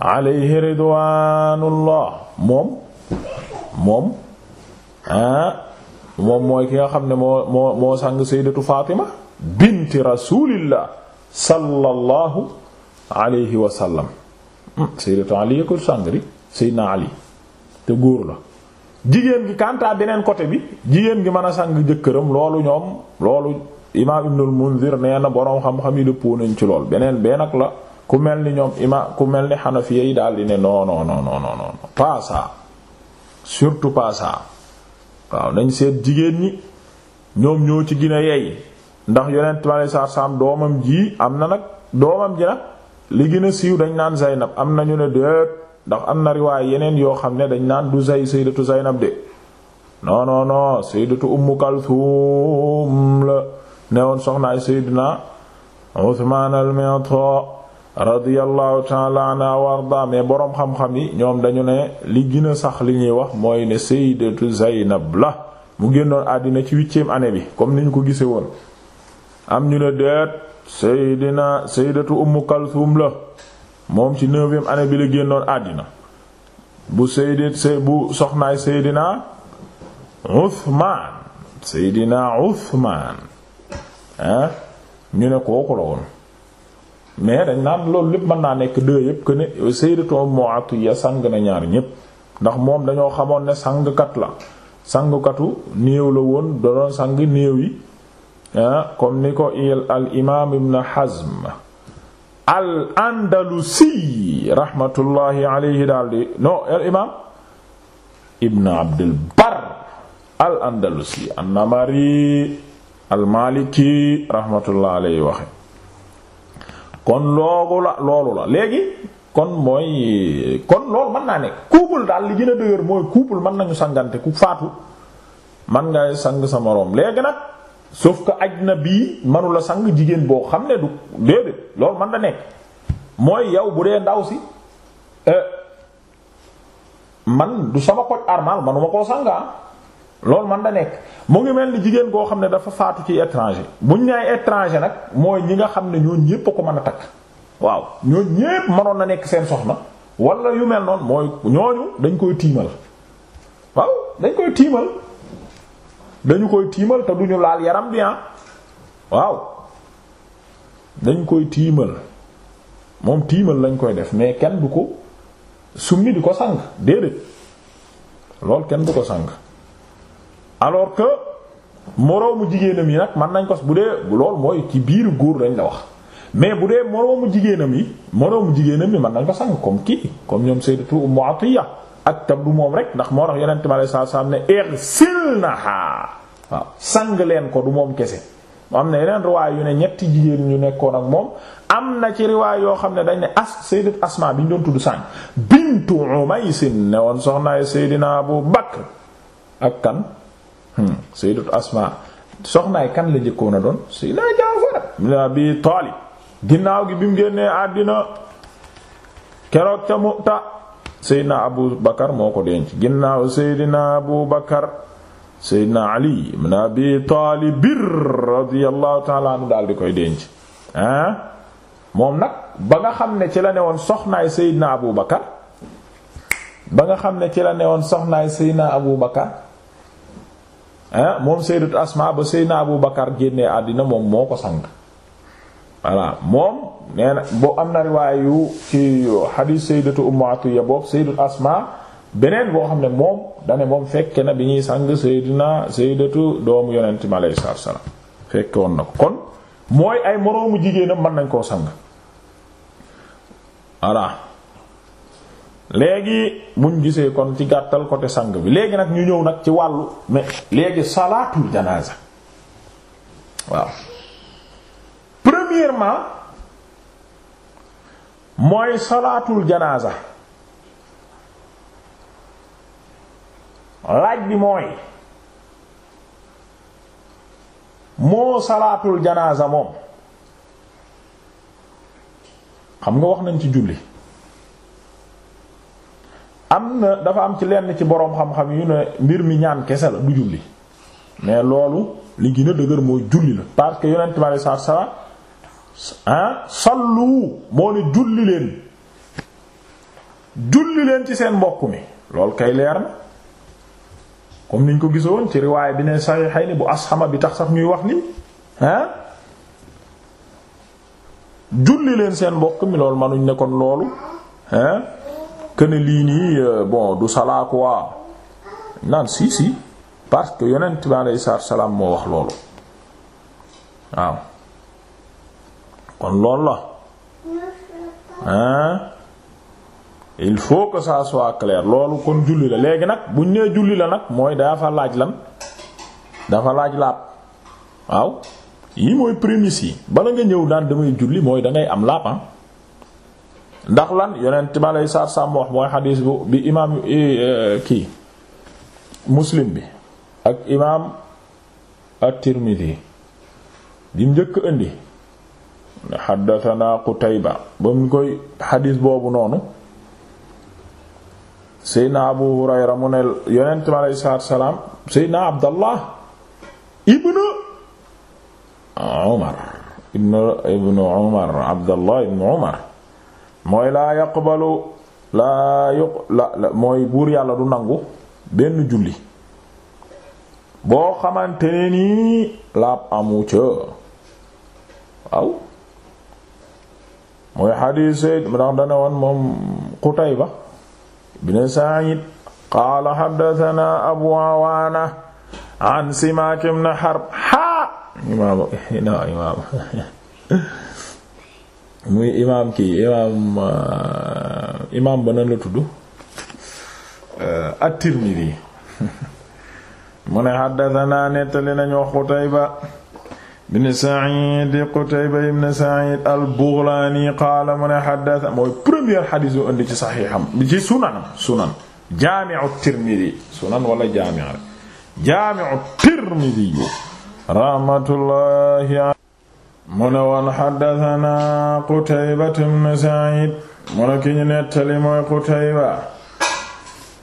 alayhi ridwaanullah moom moom ah, moom mooy ki nga xam ne moo moo moo sang sayyidatu Fatima binti rasulillah sallallahu alayhi wa sallam hmm, sayyidatu Ali ko sang ri sayyidina Ali te góor la jigéen gi kantaa beneen côté bi jigéen gi mën a sang jëkkëram loolu ñoom loolu imaam Ibnul Munzir nee na boroom xam-xam yi dëppoo nañ ci lool beneen bee nag la ku mel ni ñoom ima ku mel ni xanafiya yi daal di ne non non non non non pas ça surtout pas ça waaw nañ seet jigéen ñi ñoom ñoo ci gina yey ndax yonent ma lay saa saam doomam ji am na nag doomam ji nag li gën a siiw dañ naan Zaynab am na ñu ne déet ndax am na riwaay yeneen yoo xam ne dañ naan du zay sayyidatu Zaynab de non non non sayyidatu Ummu Kalthum la newoon soxnaay sayyidina Uthman al-Mi'ta radiyallahu taala anha wa arda boroom xam-xam yi ñoom dañu ne li gën sax li ñuy wax mooy ne sayyidatu Zaynab la mu génnoon àddina ci huitième année bi comme ni ñu ko gise woon am ñu ne deet sayyidina sayyidatu Ummu la moom ci neuvième année bi la génnoon àddina bu sayyid bu soxnaay sayyidina Uthman sayyidina Uthman ah ñu ne kooku la woon mais dañ naan loolu lépp mën naa nekk deux yëpp que ne sayyidatu Ummu Atiyya sang na ñaar ñëpp ndax moom dañoo xamoon ne sangkat la sangkatu néew la woon da doon sang néew yi ah, comme ni ko il al imaam Ibn Hazm al andalusi daal di non al imaam Ibn Abdul Bar namari al maliki rahmatullahi waxe kon loogu la loolu la léegi kon mooy kon loolu mën naa ne couple daal li gën a dëgër mooy couple mën nañu sangante ku faatu man ngay sang sa moroom léegi nag sauf que aj na bii manula sang jigéen boo xam ne du déedéet loolu man da nekk mooy yow bu dee ndaw si euh, man du sama koj armal manuma koo sangaa loolu man da nekk mu ngi mel ni jigéen goo xam ne dafa faatu ci étranger buñ ne ay étranger nag mooy ñi nga xam ne ñooñu ñépp a ko mën a takk waaw ñooñu ñépp mënoon a nekk seen soxna wala yu mel noonu mooy ñooñu dañ koy tiimal waaw dañ koy tiimal dañu koy tiimal te duñu laal yaram bi ah. waaw dañ koy tiimal moom tiimal lañ koy def mais kenn du ko summi di ko sang déedéet loolu kenn du ko sang. alors que moroomu jigéenam yi nag mën nañ ko bu dee lool mooy ci biir góor dañ la wax mais bu dee moroomu jigéenam yi moroomu jigéenam yi mën nañ ko sang comme kii comme ñoom sayyidatu Ummu Atiya ak tam du moom rek ndax moo tax yonent bi alayhi salaam ne irsilnaha sang leen ko du moom kese am na yeneen riwaay yu ne ñetti jigéen ñu nekkoon ak moom am na ci riwaay yoo xam ne dañ ne as sayyidat Asma bi ñu doon tudd sàng bintu Umays ne woon soxnaay Seydina Abu Bakr ak kan Hmm. sayyidatu Asma soxnaay kan la njëkkoon a doon sayyidina Jaafar ibn Abi Taalib ginnaaw gi bi mu génnee àddina keroog ca Mu'ta sayyidina Abu Bakar moo ko denc ginnaaw sayyidina Abu Bakar sayyidina Ali ibn daal di koy denc ah? moom nag ba nga xam ne ci la ne woon soxnaay sayyidina Abu Bakar ba nga xam ne ci la ne woon soxnaay sayyidina Abu Bakar Ah, moom sayyidatu Asma ba naa Abu Bakar génnee àddina moom moo ko sang voilà moom nee na boo am na riwaay yu ci xadiis sayyidatu Ummu Atiyya boobu sayyidatu Asma beneen boo xam ne moom dane moom fekke na bi ñuy sang Seydina sayyidatu doomu yonent mi alayhi salaatu salaam fekke woon na ko kon mooy ay moroomu jigéenam mën nañ koo sang voilà léegi buñ gisee kon ci gàttal ko côté sang bi léegi nag ñu ñëw nag ci wàllu mais léegi salaatul janaasa waaw premièrement mooy salaatul janaasa laaj bi mooy moo salaatul janaasa moom xam nga wax nañ ci julli am na dafa am ci lenn ci boroom xam-xam yu ne mbir mi ñaan kese la du julli mais loolu li gën a dëgër mooy julli la parce que yonent bi alei salaatu salaam ah sallu moo ne julli leen julli leen ci seen mbokk mi loolu kay leer comme niñ ko gisoon ci riwaay bi ne Sahihayni bu asxama bi tax sax ñuy wax ni ah julli leen seen mbokk loolu manuñ nekkoon loolu ah que lii nii euh, bon du salaa quoi naan si si parce que yonent bi alayhi salaam moo wax loolu waaw kon loolu la il faut que ça soit clair loolu kon julli la léegi nag buñ nee julli la nag mooy dafa laaj lan dafa laaj laab waaw yi mooy prémices yi bala nga ñëw daan damay julli mooy dangay am laab ndax lan yonent ma lay saar sàmm wax mooy xadiis bu bi imaam eh, kii muslim bi ak imaam at-Tirmidhi di njëkk indi xaddatanaa Qutayba ba boobu noonu seydna Abu Hurayra mu ne yonent mi aleyhi salaatu salaam seydna Abdallah ibnu Umar ibnu ibnu Abdallah ibnu Umar mooy laa yaqbalu laa yuq la mooy buur yàlla du nangu benn julli boo xamante ne nii laab amu ca waaw mooy xadiis ndax dana woon moom Qutayba bin Sa'id qaala xaddatana Abu Awaana an Simaak Harb haa muy imaam kii imaam euh, imaam ba la tudd euh, at-Tirmidhi mu ne xaddatanaa nettali nañu Qutayba ibn Sa'id Qutayba ibn Sa'id al-Baghlani qaala mu ne xaddata mooy première xadiis yu indi ci saxiixam ci sunanam sunan jaami'u sunan wala jaami' rek jaami'u Tirmidhi rahmatullahi mu ne woon xaddatanaa Qutayba ibn Saciid mu ne ki ñu nettali mooy Qutayba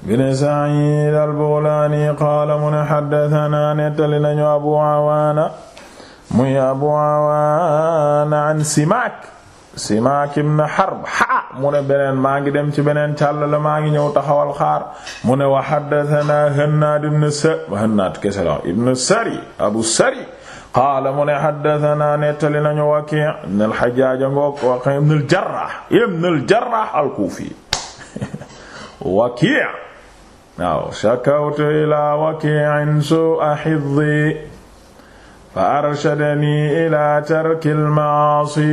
ibn Saciid al-Bughlaani qaala mu ne xaddatanaa nettali nañu Abu Awaana muy Abu Awaana an Simaak Simaak ibn Harb ha mu ne beneen maa ngi dem ci beneen càll la maa ngi ñëw taxawal xaar mu ne wa xaddatanaa Hannaad ibn Sa Hannaad kese la ibn Sari Abu Sari qaala mu ne xaddatanaa nettali nañu waqi ibn al-Hajjaaj ngoog waqi ibn al-Jarraah ibn al-Jarraah al-Kuufi waqi waaw shakawtu ilaa waqi'in suu'a hifdhi fa arshadanii ilaa tarki al-ma'aasi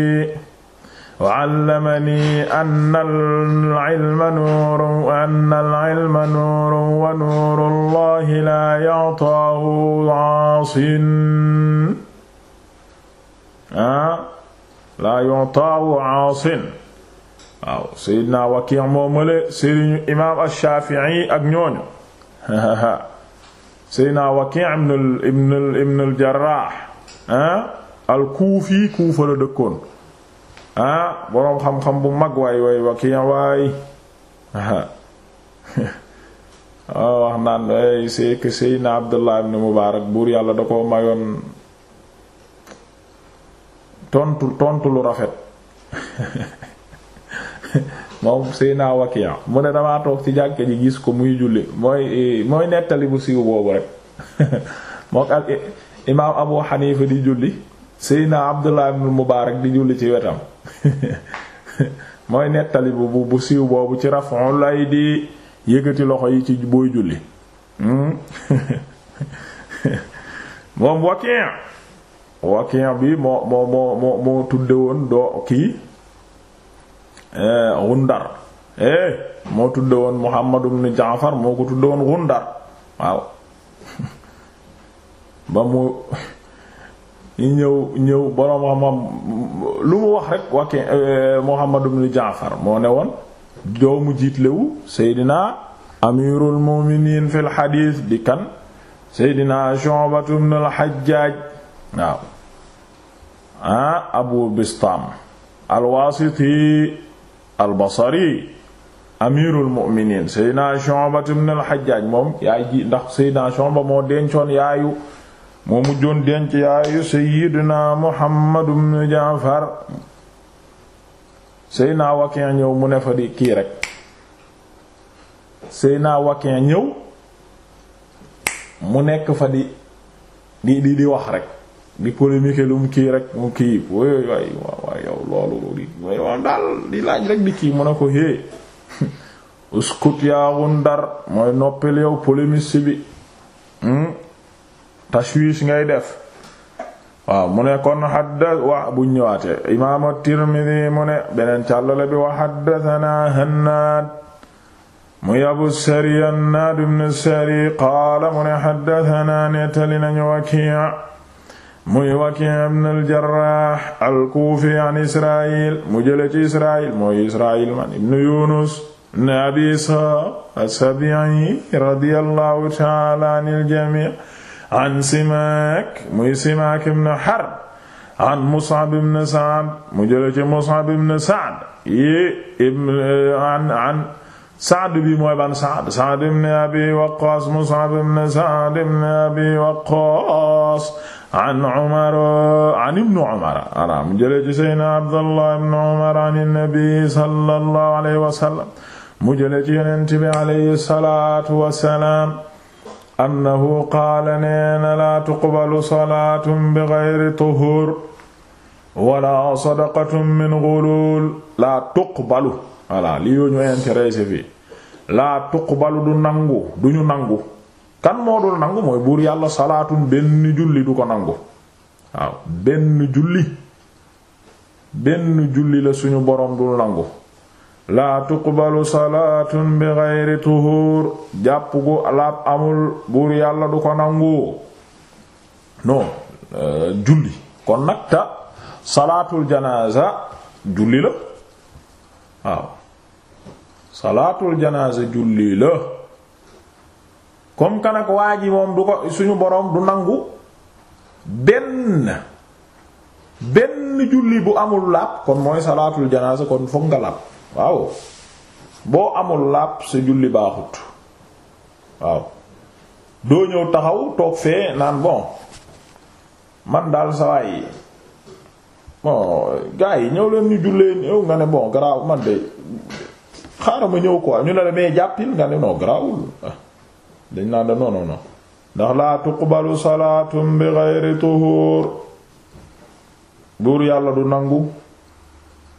wa allamani anna al-ilma nuurun wa anna al-ilma nuurun wa nuuru llahi laa ah, yu'taahu 'aasin ah laa yu'taahu 'aasin waaw Seydina Wakii' moo male Seriñu imaam Ash-Shaafi'i ak ñooñu Seydina Wakii' ibn ibn ibn al-Jarraah ah, al-Kuufi Kuufa la dëkkoon ah boroom xam-xam bu mag waay waay wakiya waay waaw ah, wax naan ay c'est que Seydina Abdullah ibn Mubarak buur yàlla da ko mayoon tontu tontu lu rafet moom Seydina wakiya mu ne damaa toog ci jàkke ji gis ko muy julli mooy mooy nettali bu siiw boobu rek moo al imaam Abu Hanifa di julli Seydina Abdullah ibn Mubarak di julli ci wetam mooy nettali bu bu siiw boobu ci raf'ul aydi yëkkati loxo yi ci booy julli hmm? moom Waki' Waki' bi moo moo moo moo tudde woon doo kii eh, Gundar eh, moo tudde woon Muhammad ibn Jaafar moo ko tudde woon Gundar waaw ba mu ñëw ñëw borom xam-xam lu mu wax rek wàkke eh, Muhammad ibn Jaafar moo ne woon doomu jiitlewu Seydina amirul mu'minin fil xadiis di kan Seydina Shu'batu ibn al waaw ah, Abu Bistaam al-Waasiti amirul mu'minin Seydina Shu'batu ibn al moom yaay ji ndax Seydina Shu'ba moo dencoon yaayu moo mujjoon denc yaayu sayyidina Muhammad ibn Jaafar Seyna Wakin ñëw mu ne fa di kii rek Seyna Wakin ñëw mu nekk fa di di di di wax rek di polémique lu mu kii rek mu kii waay waay waay yow loolu di yow daal di laaj rek di kii mu ne ko hé uskut yaa Gundar mooy noppil yow polémiste bi. Hmm? tashwiish ngay def waaw mu ne kon xadda wa bu ñëwaate mu ne beneen càllale bi wa xaddatanaa Hannaad muy Abu Sari Hannaad ibn Sari qaala mu ne xaddatanaa nettali nañu Wakii' muy Wakii' ibn al-Jarraah al-Kuufi an Israa'iil mu jële ci Israa'iil mooy Israa'iil man ibn Yunus ibn Abi Ishaaq as-Sabi'i radiyallahu ta'ala anil jamii' an Simaak muy Simaak ibn Harb an Mus'ab ibn Sa'd mu jële ci Mus'ab ibn Sa'd yi ibn an an Sa'd bi mooy ban Sa'd Sa'd ibn Abi Waqqaas Mus'ab ibn Sa'd ibn Abi Waqqaas an Umar an ibn Umar ala mu jële ci Seydina Abdallah ibn Umar an Nabi sallallahu alayhi wa sallam mu jële ci Yonent bi alayhi salaatu wa salaam annahu qaala neena laa tuqbalu salaatun bi gayri tuhuur wala sadaqatun min ghuluul laa tuqbalu walla li ñu intéressé fii laa tuqbalu du nangu du ñu nangu kan moo dul nangu mooy buur yàlla salaatun benn julli du ko nangu waaw benn julli benn julli la suñu boroom dul nangu laa tuqbalu salaatun bi geyri tuhuur jàpp gu laab amul buur yàlla du ko nangu non euh, julli kon nag ta salaatul janaasa julli la waaw salaatul janaasa julli la comme que nag waa moom du ko suñu boroom du nangu benn benn julli bu amul laab kon mooy salaatul janaasa kon fokk nga laab waaw boo amul laab sa julli baaxut waaw doo ñëw taxaw toog fee naan bon man daal sawaay yi bon yi ñëw leen ñu jullee ñëw nga ne bon garaaw man de xaaral ma ñëw quoi ñu ne la mais jàppil nga ne non garaawul dañ naan da non non non ndax laa tuqbalu buur yàlla du nangu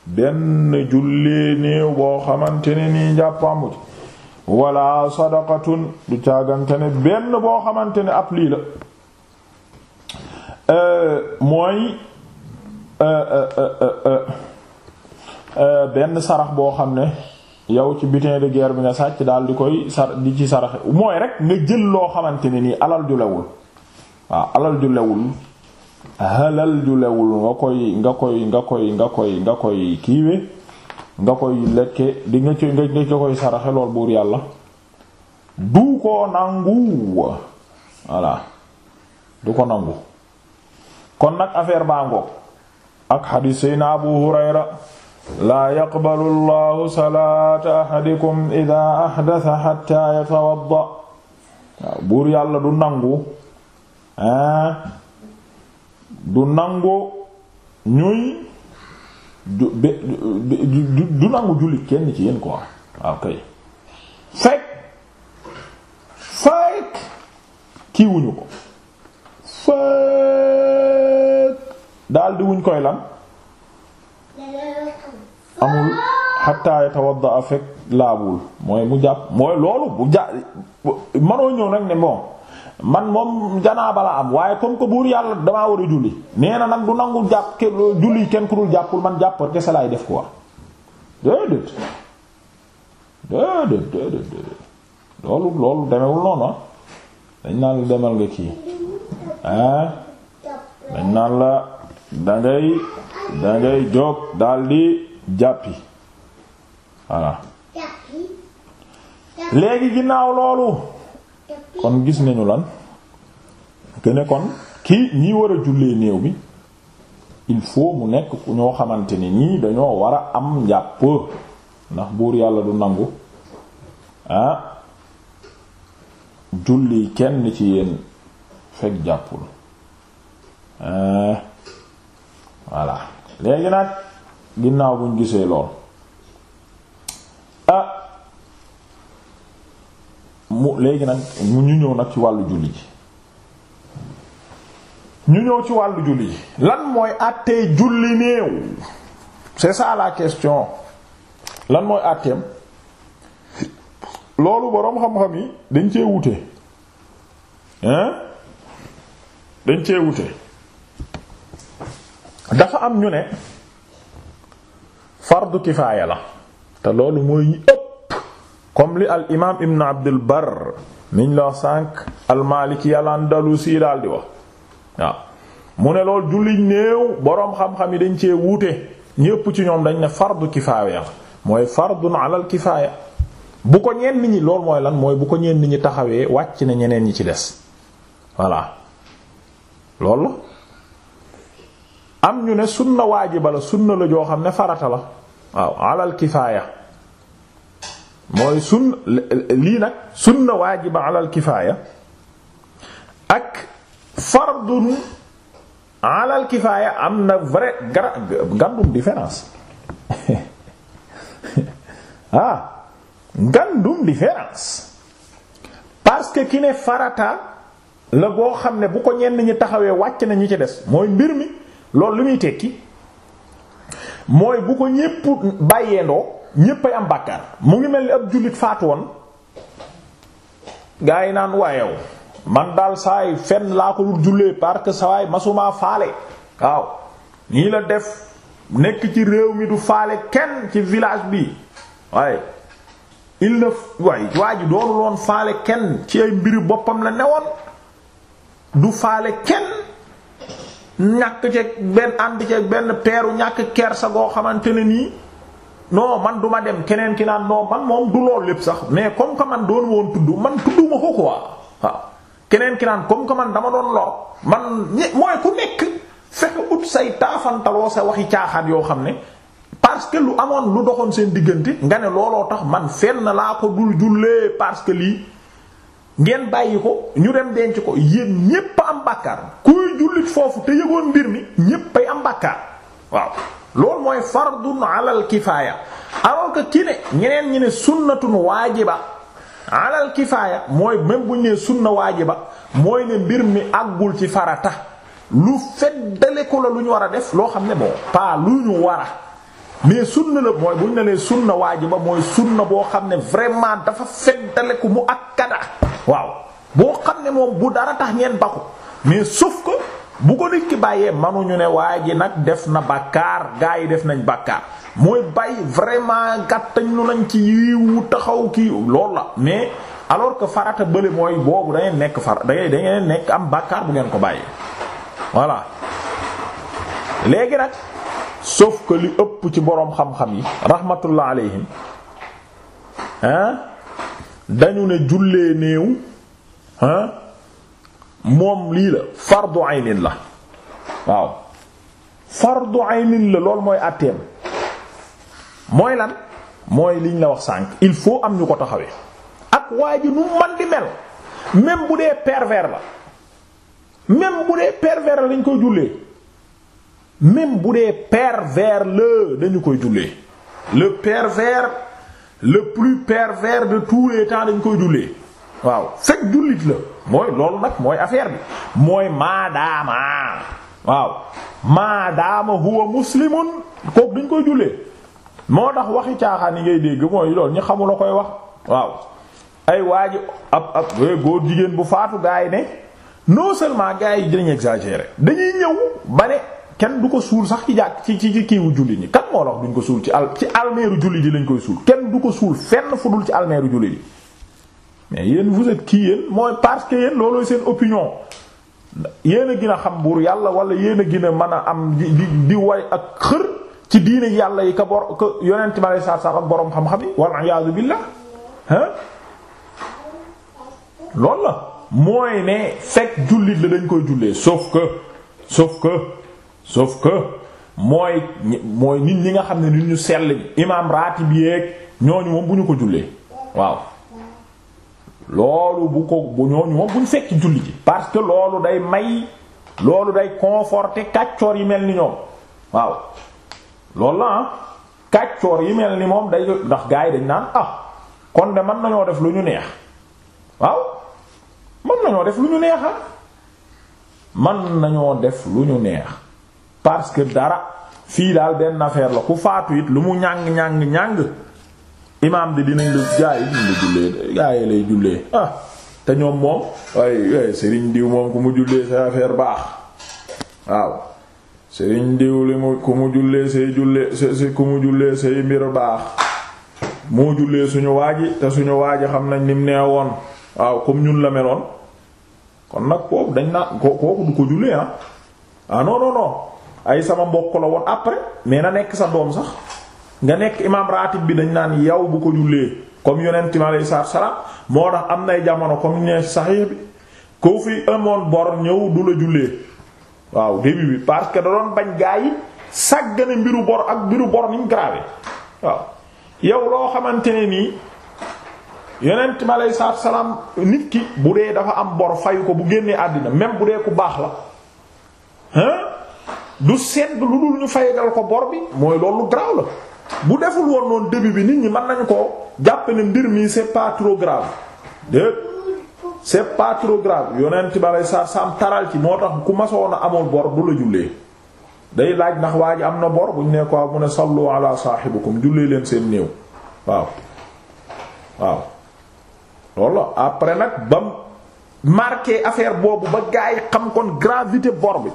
benn jullee néew boo xamante ni nii jàppamu ci wala sadaqatun du caagante benn boo xamante ne ab lii la euh, mooy euh, euh, benn sarax boo xam ne yow ci butin de guerre bi nga sàcc daal di koy sar di ci saraxe mooy rek nga jël loo xamante ne nii alal ju lewul waaw alal ju halal ju lewul nga koy nga koy nga koy nga koy kiiwe nga koy lekke di nga nga koy saraxe lool buur yàlla du ko nangu voilà du ko nangu kon nag affaire baa ngoog ak xadiis sayna Abu Hurayra laa yaqbalu allahu salaata ahadikum ida ahdasa xatta yatawadda waaw buur yàlla du nangu ah du nangu ñuy du du nangu jullit kenn ci yéen quoi waaw kay fekk fekk kii wuñu ko fekk daldi wuñ koy lan amul hatta yatawadda fekk laabul mooy mu jàpp mooy loolu bu ja manoo ñëw nag ne bon man moom janaa la am waaye comme que buur yàlla damaa war a julli nee na nag du nangu jàpp julli kenn ku dul jàppul man jàppal kese laay def quoi déedéet déedéet déedéet loolu loolu demewul noonu ah. dañ naan la demal nga kii ah dañ naan la dangay dangay jóg daldi jàppi voilà léegi ginnaaw loolu kon gis nañu lan que ne kon kii ñi war a jullee néew bi il faut mu nekk ku ñoo xamante ni ñii dañoo war a am njàpp ndax buur yàlla du nangu ah julli kenn ci yéen fekk jàppul eh, voilà léegi nag ginnaaw buñ gisee lool léegi nag ñu ñëw nag ci wàllu julli ji ñu ñëw ci wàllu julli ji lan mooy àttee julli néew c'est ça la question lan mooy àtteem loolu boroom xam-xam yi dañ cee wute hein dañ cee wute dafa am ñu ne fardu kifaaya la te loolu mooy ñi ëpp comme li al imaam ibn abdul bar niñ la wax sànq almaliki al andalusi daal di wax waaw mu ne lool julli néew boroom xam-xam yi dañ cee wuute ñépp ci ñoom dañ ne fardu kifaaya mooy fardun alal kifaaya bu ko ñenn ñi lool mooy lan mooy bu ko ñenn ñi taxawee wàcc na ñeneen ñi ci des voilà loolu am ñu ne sunna waajiba la sunna la joo xam ne farata la waaw alal kifaaya mooy sun lii nag sunna waajiba ala al kifaaya ak fardun ala al kifaaya am na vrai ngandum différence ah ngandum différence parce ki ne farata la boo xam ne bu ko ñenn ñi taxawee wàcc na ñi ci des mooy mbir mi loolu lu muy tekki mooy bu ko ñépp bàyyee ñépp ay am bàkkaar mu ngi mel ni ab jullit faatu woon gaa yi naan waayew man daal saay fenn laa ko dul jullee parce que sawaay masuma faale waaw nii la def nekk ci réew mi du faale kenn ci village bi waaye il woon faale kenn ci ay mbiri boppam la ne woon du faale kenn ñàkk ceeg benn ànd ceeg benn peeru ñàkk kersa goo xamante ne nii non man duma dem keneen ki naan non man moom du lool lépp sax mais comme que man doon woon tudd man tudduma ko quoi waaw keneen ki naan comme que man dama doon lor man mooy ku nekk fexe ut say taafantaloo sa waxi caaxaan yoo xam ne parce que lu amoon lu doxoon seen diggante nga ne looloo tax man fenn laa ko dul jullee parce que lii ngeen bàyyi ko ñu dem denc ko yéen ñépp am bàkkaar kuy jullit foofu te yëgoon mbir mi ñépp ay am bàkkaar waaw loolu mooy fardun alal kifaaya alors que ki ne ñeneen ñi ne sunnatun waajiba alal kifaaya mooy même bu ñu nee sunna waajiba mooy ne mbir mi àggul ci farata lu feddale ko la lu ñu war a def loo xam ne bon pas lu ñu war a mais sunna la mooy bu ñu nee sunna waajiba mooy sunna boo xam ne vraiment dafa feddale ko mu akkada waaw boo xam ne moom bu dara tax ngeen baxu mais sauf que. bu ko nit ki bàyyee manuñu ne waa ji nag def na bàkkaar gaa yi def nañ bàkkaar mooy bàyyi vraiment gàttañ lu nañ ci yiwu taxaw kii loolu la mais alors que farata bële mooy boobu da nekk far da ngeen nekk am bàkkaar bu ngeen ko bàyyee voilà léegi nag sof ko li ëpp ci boroom xam-xam yi rahmatullah alayhim dañu ne jullee néew moom lii la fardu aynin la waaw fardu aynin la loolu mooy àtteem mooy lan mooy liñ la wax sànq il faut am ñu ko taxawee ak waa ji nu man di mel même bu dee pervers la même bu dee pervers la dañ koy jullee même bu dee pervers la dañu koy jullee le pervers le plus pervers de tout les temps dañ koy jullee waaw fekk jullit la mooy loolu nag mooy affaire bi mooy maadaama waaw maadaama huwa muslimun kook duñ koy jullee moo tax waxi caaxaan yi ngay dégg mooy loolu ñu xamul koy wax waaw ay waa ji ab ab eh, góor jigéen bu faatu gaa yi ne non seulement gaa yi dinañ exagérer dañuy ñëw ba ne kenn du ko suul sax ci jàkk ci ci kiiwu julli ñi kan moo la wax duñ ko suul ci al ci almeeru julli ji lañ koy suul kenn du ko suul fenn fu dul ci almeeru julli ji mais yéen kii yéen mooy parce que yéen loolooy seen opinion yéen a gën a xam buur yàlla wala yéen a gën a mën a am di di way ak xër ci diine yàlla yi ka bor ka yonent ma lay saa saa ak boroom xam-xam yi wal iyaazu billah hein loolu la mooy ne fekk jullit la dañ koy jullee sauf que sauf que sauf que mooy mooy nit ñi nga xam ne nit ñu sell imaam raatib yeeg ñooñu moom bu ñu ko jullee waaw loolu bu ko bu ñooñu moom buñ fekk julli ji parce que loolu day may loolu day conforter kàccoor yi mel ni ñoom waaw loolu la ah kàccoor yi mel ni moom day ndax gars yi dañ naan ah kon de mën nañoo def lu ñu neex waaw mën nañoo def lu ñu neex ah mën nañoo def lu ñu neex parce que dara fii daal benn affaire la ku faatu it lu mu ñàng ñàng ñàng imaam bi dinañ la gaa yi dinañ la jullee gaa yi lay jullee ah te ñoom moom waaye sëriñ diw moom ku mu jullee sa affaire baax waaw sëriñ diw li mu ku mu jullee say jullee ku mu jullee say mbir baax moo jullee suñu waaji te suñu waaji xam nañ ni mu nee woon waaw comme ñun la meloon kon nag kooku dañ naa kooku du ko jullee ah ah non non non ay sama mbokk la woon après mais na nekk sa doom sax nga nekk imaam ratib bi dañ naan yow bu ko jullee comme yonent mi alayhi salaatu salaam moo tax am nay jamono comme ñu ne saxiix bi koo fi amoon bor ñëw du la jullee waaw début bi parce que da doon bañ gaa yi sàggane mbiru bor ak mbiru bor ni mu grave waaw yow loo xamante ne nii yonent mi alayhi nit ki bu dee dafa am bor fayu ko bu génnee àddina même bu dee ku baax la hein du seet lu dul ñu fayagal ko bor bi mooy loolu lu la. bu deful woon noonu début bi nit ñi mën nañ ko jàpp ne mbir mi c'est pas trop grave déet c'est grave yonent ba lay sa sam taral ci moo tax ku masoon a amoon bor du la jullee day laaj ndax waa ji am na bor bu ñu ne ko mu ne sallu ala saahibikum jullee leen seen néew waaw waaw loolu après nag ba marqué affaire boobu ba gaa xam kon gravité bor bi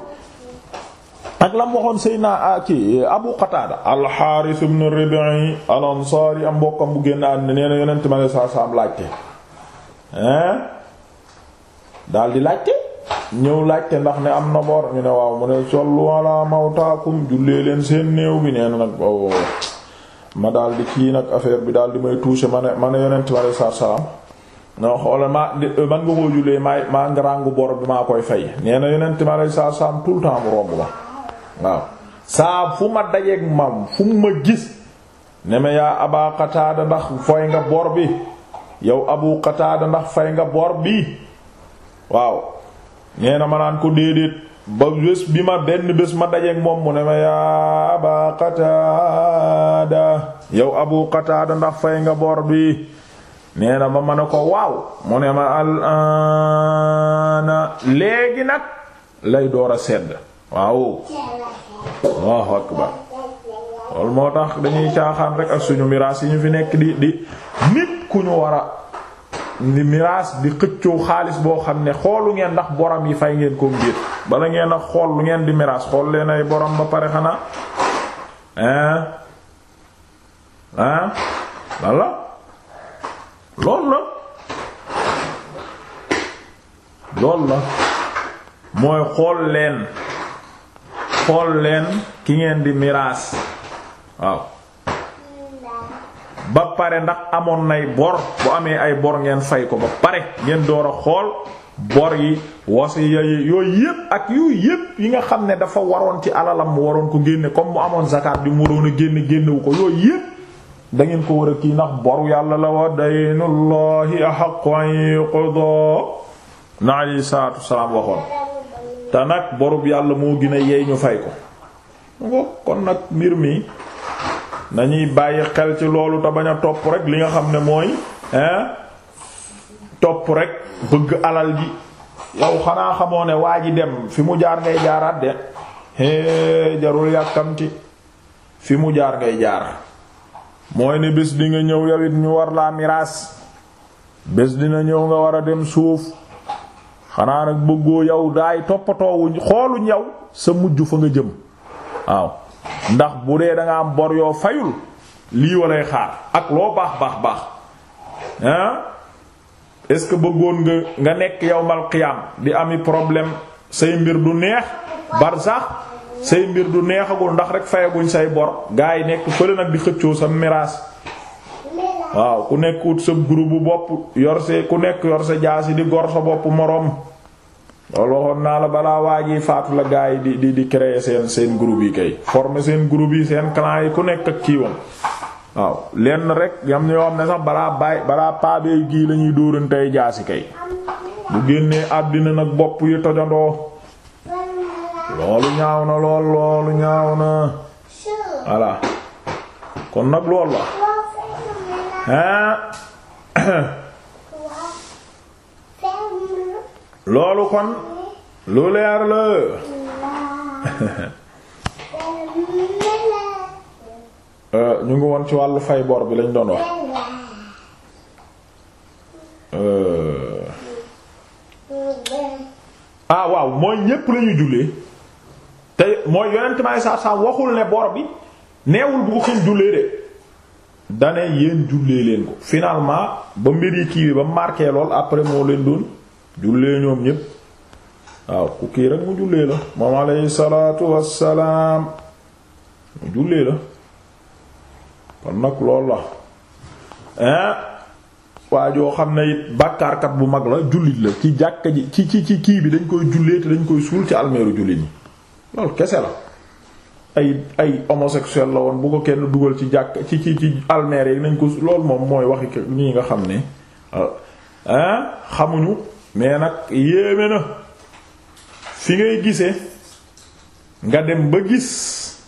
ak lam waxoon Seydina ah, ki Abu Qatada al-Harith ibn Rabi'i al-Ansari am mbokkam bu génn ànd nee na yonent ma ne saa saa am laajte hein daal di laajte ñëw laajte ndax ne am na bor ñu ne waaw mu ne sollu ala mawtaakum jullee leen seen néew bi nee nag oh, ma daal di kii nag affaire bi daal di may touché ma ne ma ne yonent ma ne saa saa am non maa man nga koo jullee maa maa ngi rangu bor bi maa koy fay nee na yonent ma ne saa saa am temps mu waaw saa fu ma dajeeg mam fu mu ma gis ne ma yaa aba qataada ndax fay nga bor bi yow abu kataada ndax fay nga bor bi waaw nee ma naan ko déedéet ba bés bi ma benn bés ma dajeeg moom mu ne ma yaa aba qataada yow abu kataada ndax fay nga bor bi nee na ma ma ko waaw mu ne ma al ana léegi nag lay door a sedd waaw Allahu akbar loolu moo tax dañuy caaxaan rek ak suñu miraas yi ñu fi nekk di di nit ku ñu wara a di miraas di xëccoo xaalis boo xam ne xoolu ngeen ndax borom yi fay ngeen koo mbir bala ngeen a xool lu ngeen di miraas xool leen ay borom ba pare xanaa hein hein walla loolu la loolu la mooy xool leen xool leen ki ngeen di miraas waaw ba pare ndax amoon nay bor bu amee ay bor ngeen fay ko ba pare ngeen door a xool bor yi wasiya yi yooyu yépp ak yooyu yépp yi nga xam ne dafa waroon ci alalam mu waroon ko génne comme mu amoon zakat bi mu waroon a génne génnewu ko yooyu yépp dangeen ko war a kii ndax bor yàlla la wa daynullahi ahaqqu an yuqda na alayhi salaatu wasalaam waxoon te nag borub yàlla moo gën a yeey ñu fay ko ngo kon nag mbir mi nañuy bàyyi xel ci loolu te bañ a topp rek li nga xam ne mooy hein topp rek bëgg alal ji yow xanaa xamoo ne waa ji dem fi mu jaar ngay jaaraat de jarul yàkkamti fi mu jaar ngay jaar mooy ne bés di nga ñëw yawit ñu war laa miraas bés dina ñëw nga war a dem suuf xanaa nag bëggoo yow daay toppatoowuñ xoolu ñaw sa mujj fa nga jëm waaw ndax bu dee da am bor yoo fayul lii walay xaar ak loo baax baax baax ah est-ce que bëggoon nga nga nekk yawmal qiyaam di ami problème say mbir du neex barsax say mbir du neexagul ndax rek fayaguñ say bor gaa yi nekk fële nag di xëccoo sa meraas waaw ku nekk ut sa groupe bopp yor ku nekk yor sa jaasi di gor sa bopp moroom loolu waxoon naa la balaa waa ji faatu la gaay yi di di di seen seen groupe yi kay former seen groupe yi seen clan yi ku nekk ak kiiwam waaw lenn rek yam yoo xam ne sax balaa baay balaa paabee gii lañuy dóorantey jaasi kay bu génnee àddina nag bopp yi tojandoo loolu ñaaw na lool loolu ñaaw na voilà kon nag lool la Ah. loolu kon lu leerla euh, ñu ngi woon ci wàllu fay bor bi lañ doon wax euh. ah waaw mooy ñépp lañu jullee te mooy yonent may saa saa waxul ne bor bi neewul bu ko kenn de dane yéen jullee leen ko finalement ba mbir yi kii bi ba marqué lool après moo leen doon jullee ñoom ñépp waaw ku kii rek mu jullee la moom alayhi salaatu wassalaam mu jullee la kon nag lool la hein waa joo xam ne it bàkkaarkat bu mag la jullit la ci jàkka ji ci ci ci kii bi dañ koy jullee te dañ koy suul ci almeeru jullit ñi loolu kese la ay ay homosexuel la woon bu ko kenn dugal ci jàkk ci ci ci almeer yi nañ ko loolu moom mooy waxi ñii nga xam ne ah xamuñu mais nag yéeme na fi ngay gisee nga dem ba gis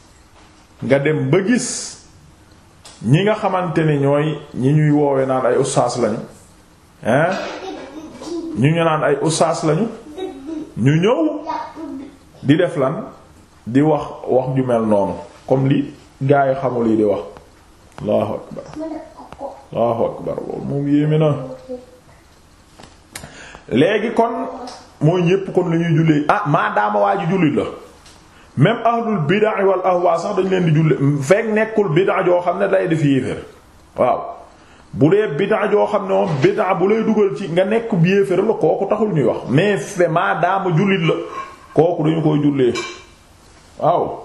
nga dem ba gis ñi nga xamante ne ñooy ñi ñuy woowe naan ay ustaas lañu hein ñu ñu naan ay ustaas lañu ñu ñëw di def lan di wax wax ju mel noonu comme li gaa yi xamul yi di wax allahu akbar allahu akbar loolu moom yéeme na léegi kon mooy ñépp kon lañuy jullee ah maadaama waa ji jullit la même ahlul bid'a wal ahwa sax dañ leen di jullee fekk nekkul bid'a joo xam ne day def yéeféer waaw bu dee bid'a joo xam ne moom bid'a bu lay dugal ci nga nekk yéeféer la kooku taxul ñuy wax mais fe maadaama jullit la kooku dañu koy jullee waaw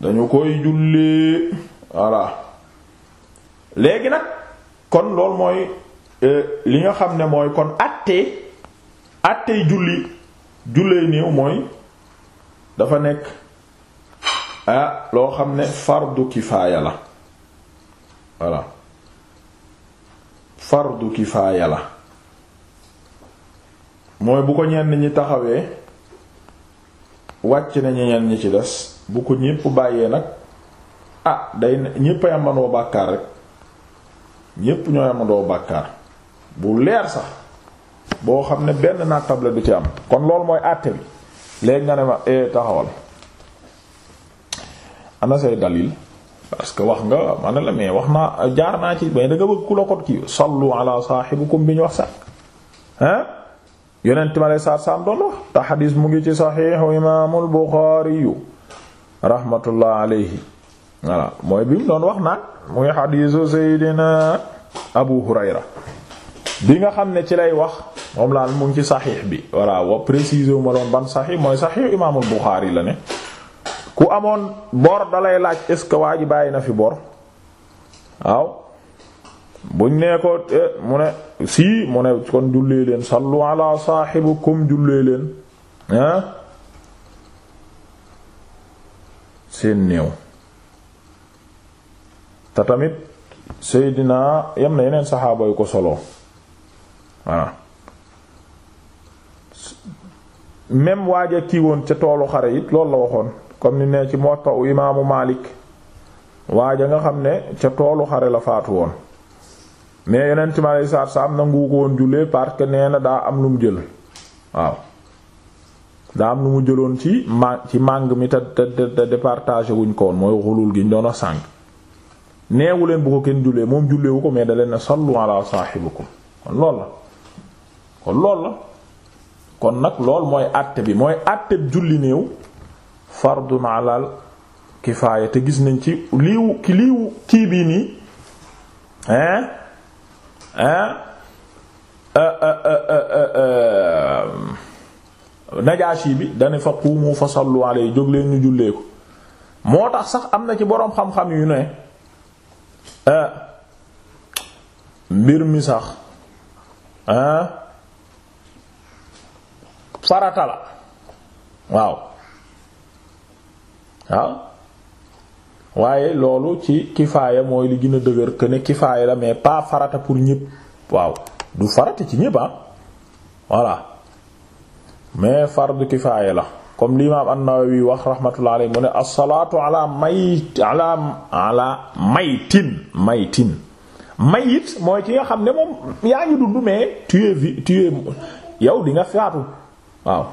dañu koy jullee voilà léegi nag kon loolu mooy euh, li nga xam ne mooy kon àttee àttee julli jullee néew mooy dafa nekk ah loo xam ne fardu kifaaya la voilà fardu kifaaya la mooy bu ko ñenn ñi taxawee wàcc nañu ñeneen ñi ci des bu ko ñépp bàyyee nag a ah, day ñépp a yamandoo bàkkaar rek ñépp ñoo yamandoo bàkkaar bu leer sax boo xam ne benn naa table du ci am kon loolu mooy àtte bi léegi nga ne ma eh taxawal ana say dalil parce que wax nga ma ne la mais wax naa jaar naa ci mais da nga bëgg ku la ko kii sallu ala saahibikum bi ñu wax sax hein yonent ma lay saar saam doon wax te xadiis mu ngi ci saxiixu imaamul buxaariyu raxmatullah alayhi voilà mooy bi mu doon wax naan muy xadiisu seydina abu hurayra bi nga xam ne ci lay wax moom laal mu ngi ci saxiix bi voilà wa préciser wu ma doon ban saxiix mooy saxiixu imaamul buxaari la ne ku amoon bor dalay laaj est-ce que waa ji bàyyi na fi bor waaw buñ nee ko eh, mu ne si mu ne kon jullee leen sallu ala saahibikum jullee leen ah. seen néew te tamit Seydina yam na yeneen saxaaba yu ko solo voilà même waaja kii woon ca toolu xare it loolu la waxoon comme ni ne ci Muwatta imaamu Maalik waaja nga xam ne ca toolu xare la faatu woon mais yonent mi aleyhi salaatu salaam nangu ko woon jullee parce que nee na daa am lu mu jël waaw daa am lu mu jëloon ci ma ci màng mi te te te départagé wuñ ko mooy xulul gi ñu doon a sànq neewu leen bu ko kenn jullee moom wu ko mais da leen ne sallu ala saahibikum kon lool la kon lool la kon nag lool mooy àtte bi mooy àtte bi julli néew fardun kifaaya te gis nañ ci liiw ki liiw kii bii nii hein Euh, euh, euh, najaashi bi dana fa quumu fa sallu alayhi jóg leen ñu jullee ko moo tax sax am na ci boroom xam-xam yu ne mbir mi sax farata la waaw waaw waaye loolu ci kifaaya mooy li gën a dëgër que ne kifaaya la mais pas farata pour ñépp waaw du farata ci ñépp ah voilà mais fardu kifaaya la comme l'imam an-Nawawi wax rahmatullah alayhi mu ne as-salaatu ala mayit ala ala maytin maytin mooy ci nga xam ne moom yaa ngi dund mais tu es tu yow di nga faatu waaw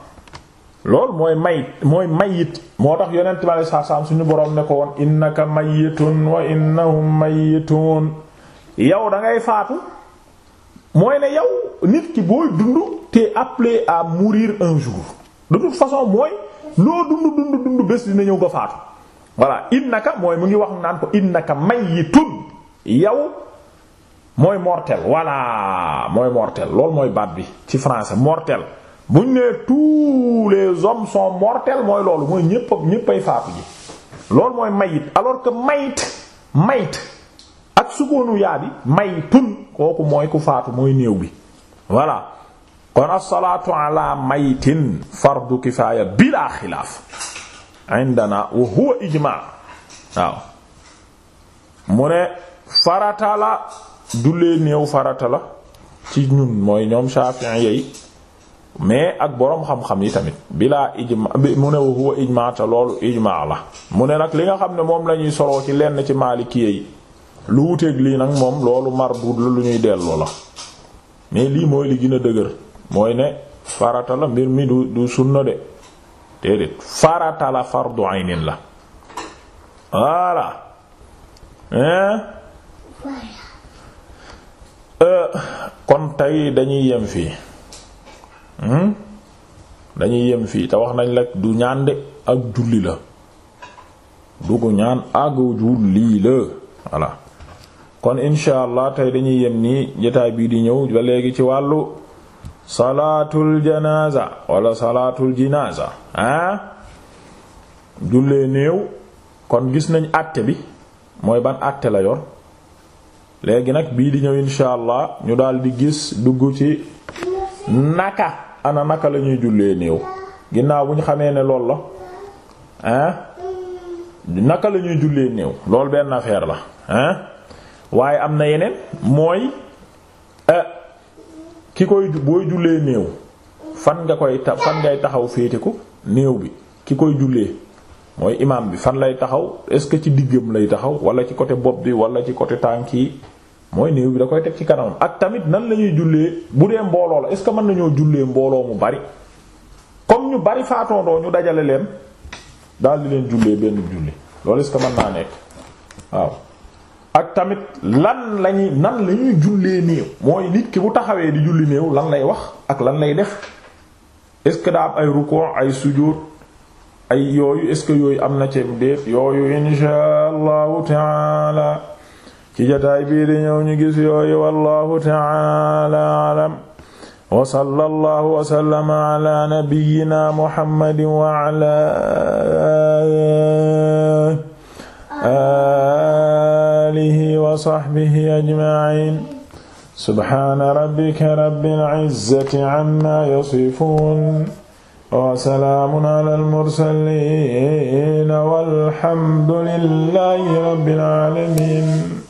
loolu mooy may mooy mayit moo tax yonent ma lay saasaam suñu boroom ne ko woon innaka mayitun wa innahum mayitun yow da dangay faatu mooy ne yow nit ki booy dund te appelé à mourir un jour façon mooy loo dund dund dund bés dina ñëw nga faatu voilà innaka mooy mu ngi wax naan ko innaka mayitun yow mooy mortel voilà mooy mortel loolu mooy baat bi ci français mortel buñ nee tous les hommes son mortels mooy loolu mooy ñépp ñéppay faatu ji loolu mooy mayit alors que mayit mayit ak sukoonu yaa bi maytun kooku mooy ku faatu mooy néew bi voilà kon as-salaatu ala maytin fardu kifaaya bila xilaaf indana wa huwa ijma waaw mu ne farata la dullee néew farata la ci ñun mooy ñoom Shafi'i yi mais ak boroom xam-xam yi tamit bilaa ijma mu ne huwa ijma te loolu ijma la mu ne nag li nga xam ne moom lañuy ñuy soloo ci lenn ci maalikiyé yi lu wuteeg lii nag moom loolu mardud la lu ñuy delloo la mais lii mooy li gin a dëgër mooy ne farata mbir mi du du sunna de déedéet farata la fardu aynin la voilà euh, kon tey dañuy yem fii Hmm? dañuy yem fii te wax nañ la du ñaan ak julli la du ñaan ak julli la voilà kon incha allah tey dañuy yem nii jotaay bii di ñëw ba léegi ci wàllu salaatul janaza wala salaatul jinaasa ah jullee néew kon gis nañ àtte bi mooy ban àtte la yor léegi nag bii di ñëw incha ñu daal di gis dugg ci naka ana naka lañuy ñuy jullee néew ginnaaw bu ñu xamee ne loolu la ah naka la ñuy jullee néew loolu benn affaire la ah waaye am na yeneen mooy eh, ki koy booy jullee néew fan nga koy ta fan ngay taxaw féete ko néew bi ki koy jullee mooy imaam bi fan lay taxaw est-ce que ci diggam lay taxaw wala ci côté bopp bi wala ci côté tànk yi mooy néew bi da koy teg ci kanamam ak tamit nan la ñuy jullee bu dee mbooloo la est-ce que mën nañoo jullee mbooloo mu bari comme ñu bari faatoondoo ñu dajale leen daal di leen jullee benn julli loolu est-ce que mën naa nekk waaw ak tamit lan lañuy nan lañuy ñuy jullee néew mooy nit ki bu taxawee di julli néew lan lay wax ak lan lay def est-ce que daa am ay ruku' ay sujud ay yooyu est que yooyu am na ceeb déet yooyu insha allahu taala ci jotaay bii di ñëw ñu gis yooyu wallahu ta'ala alam wa sallallahu wa sallama ala nabiyyina muhammadin wa ala alihi wa sahbihi ajma'in subhana rabbika rabbil izzati amma yasifun wa salaamun ala al-mursalin walhamdulillahi rabbil alamin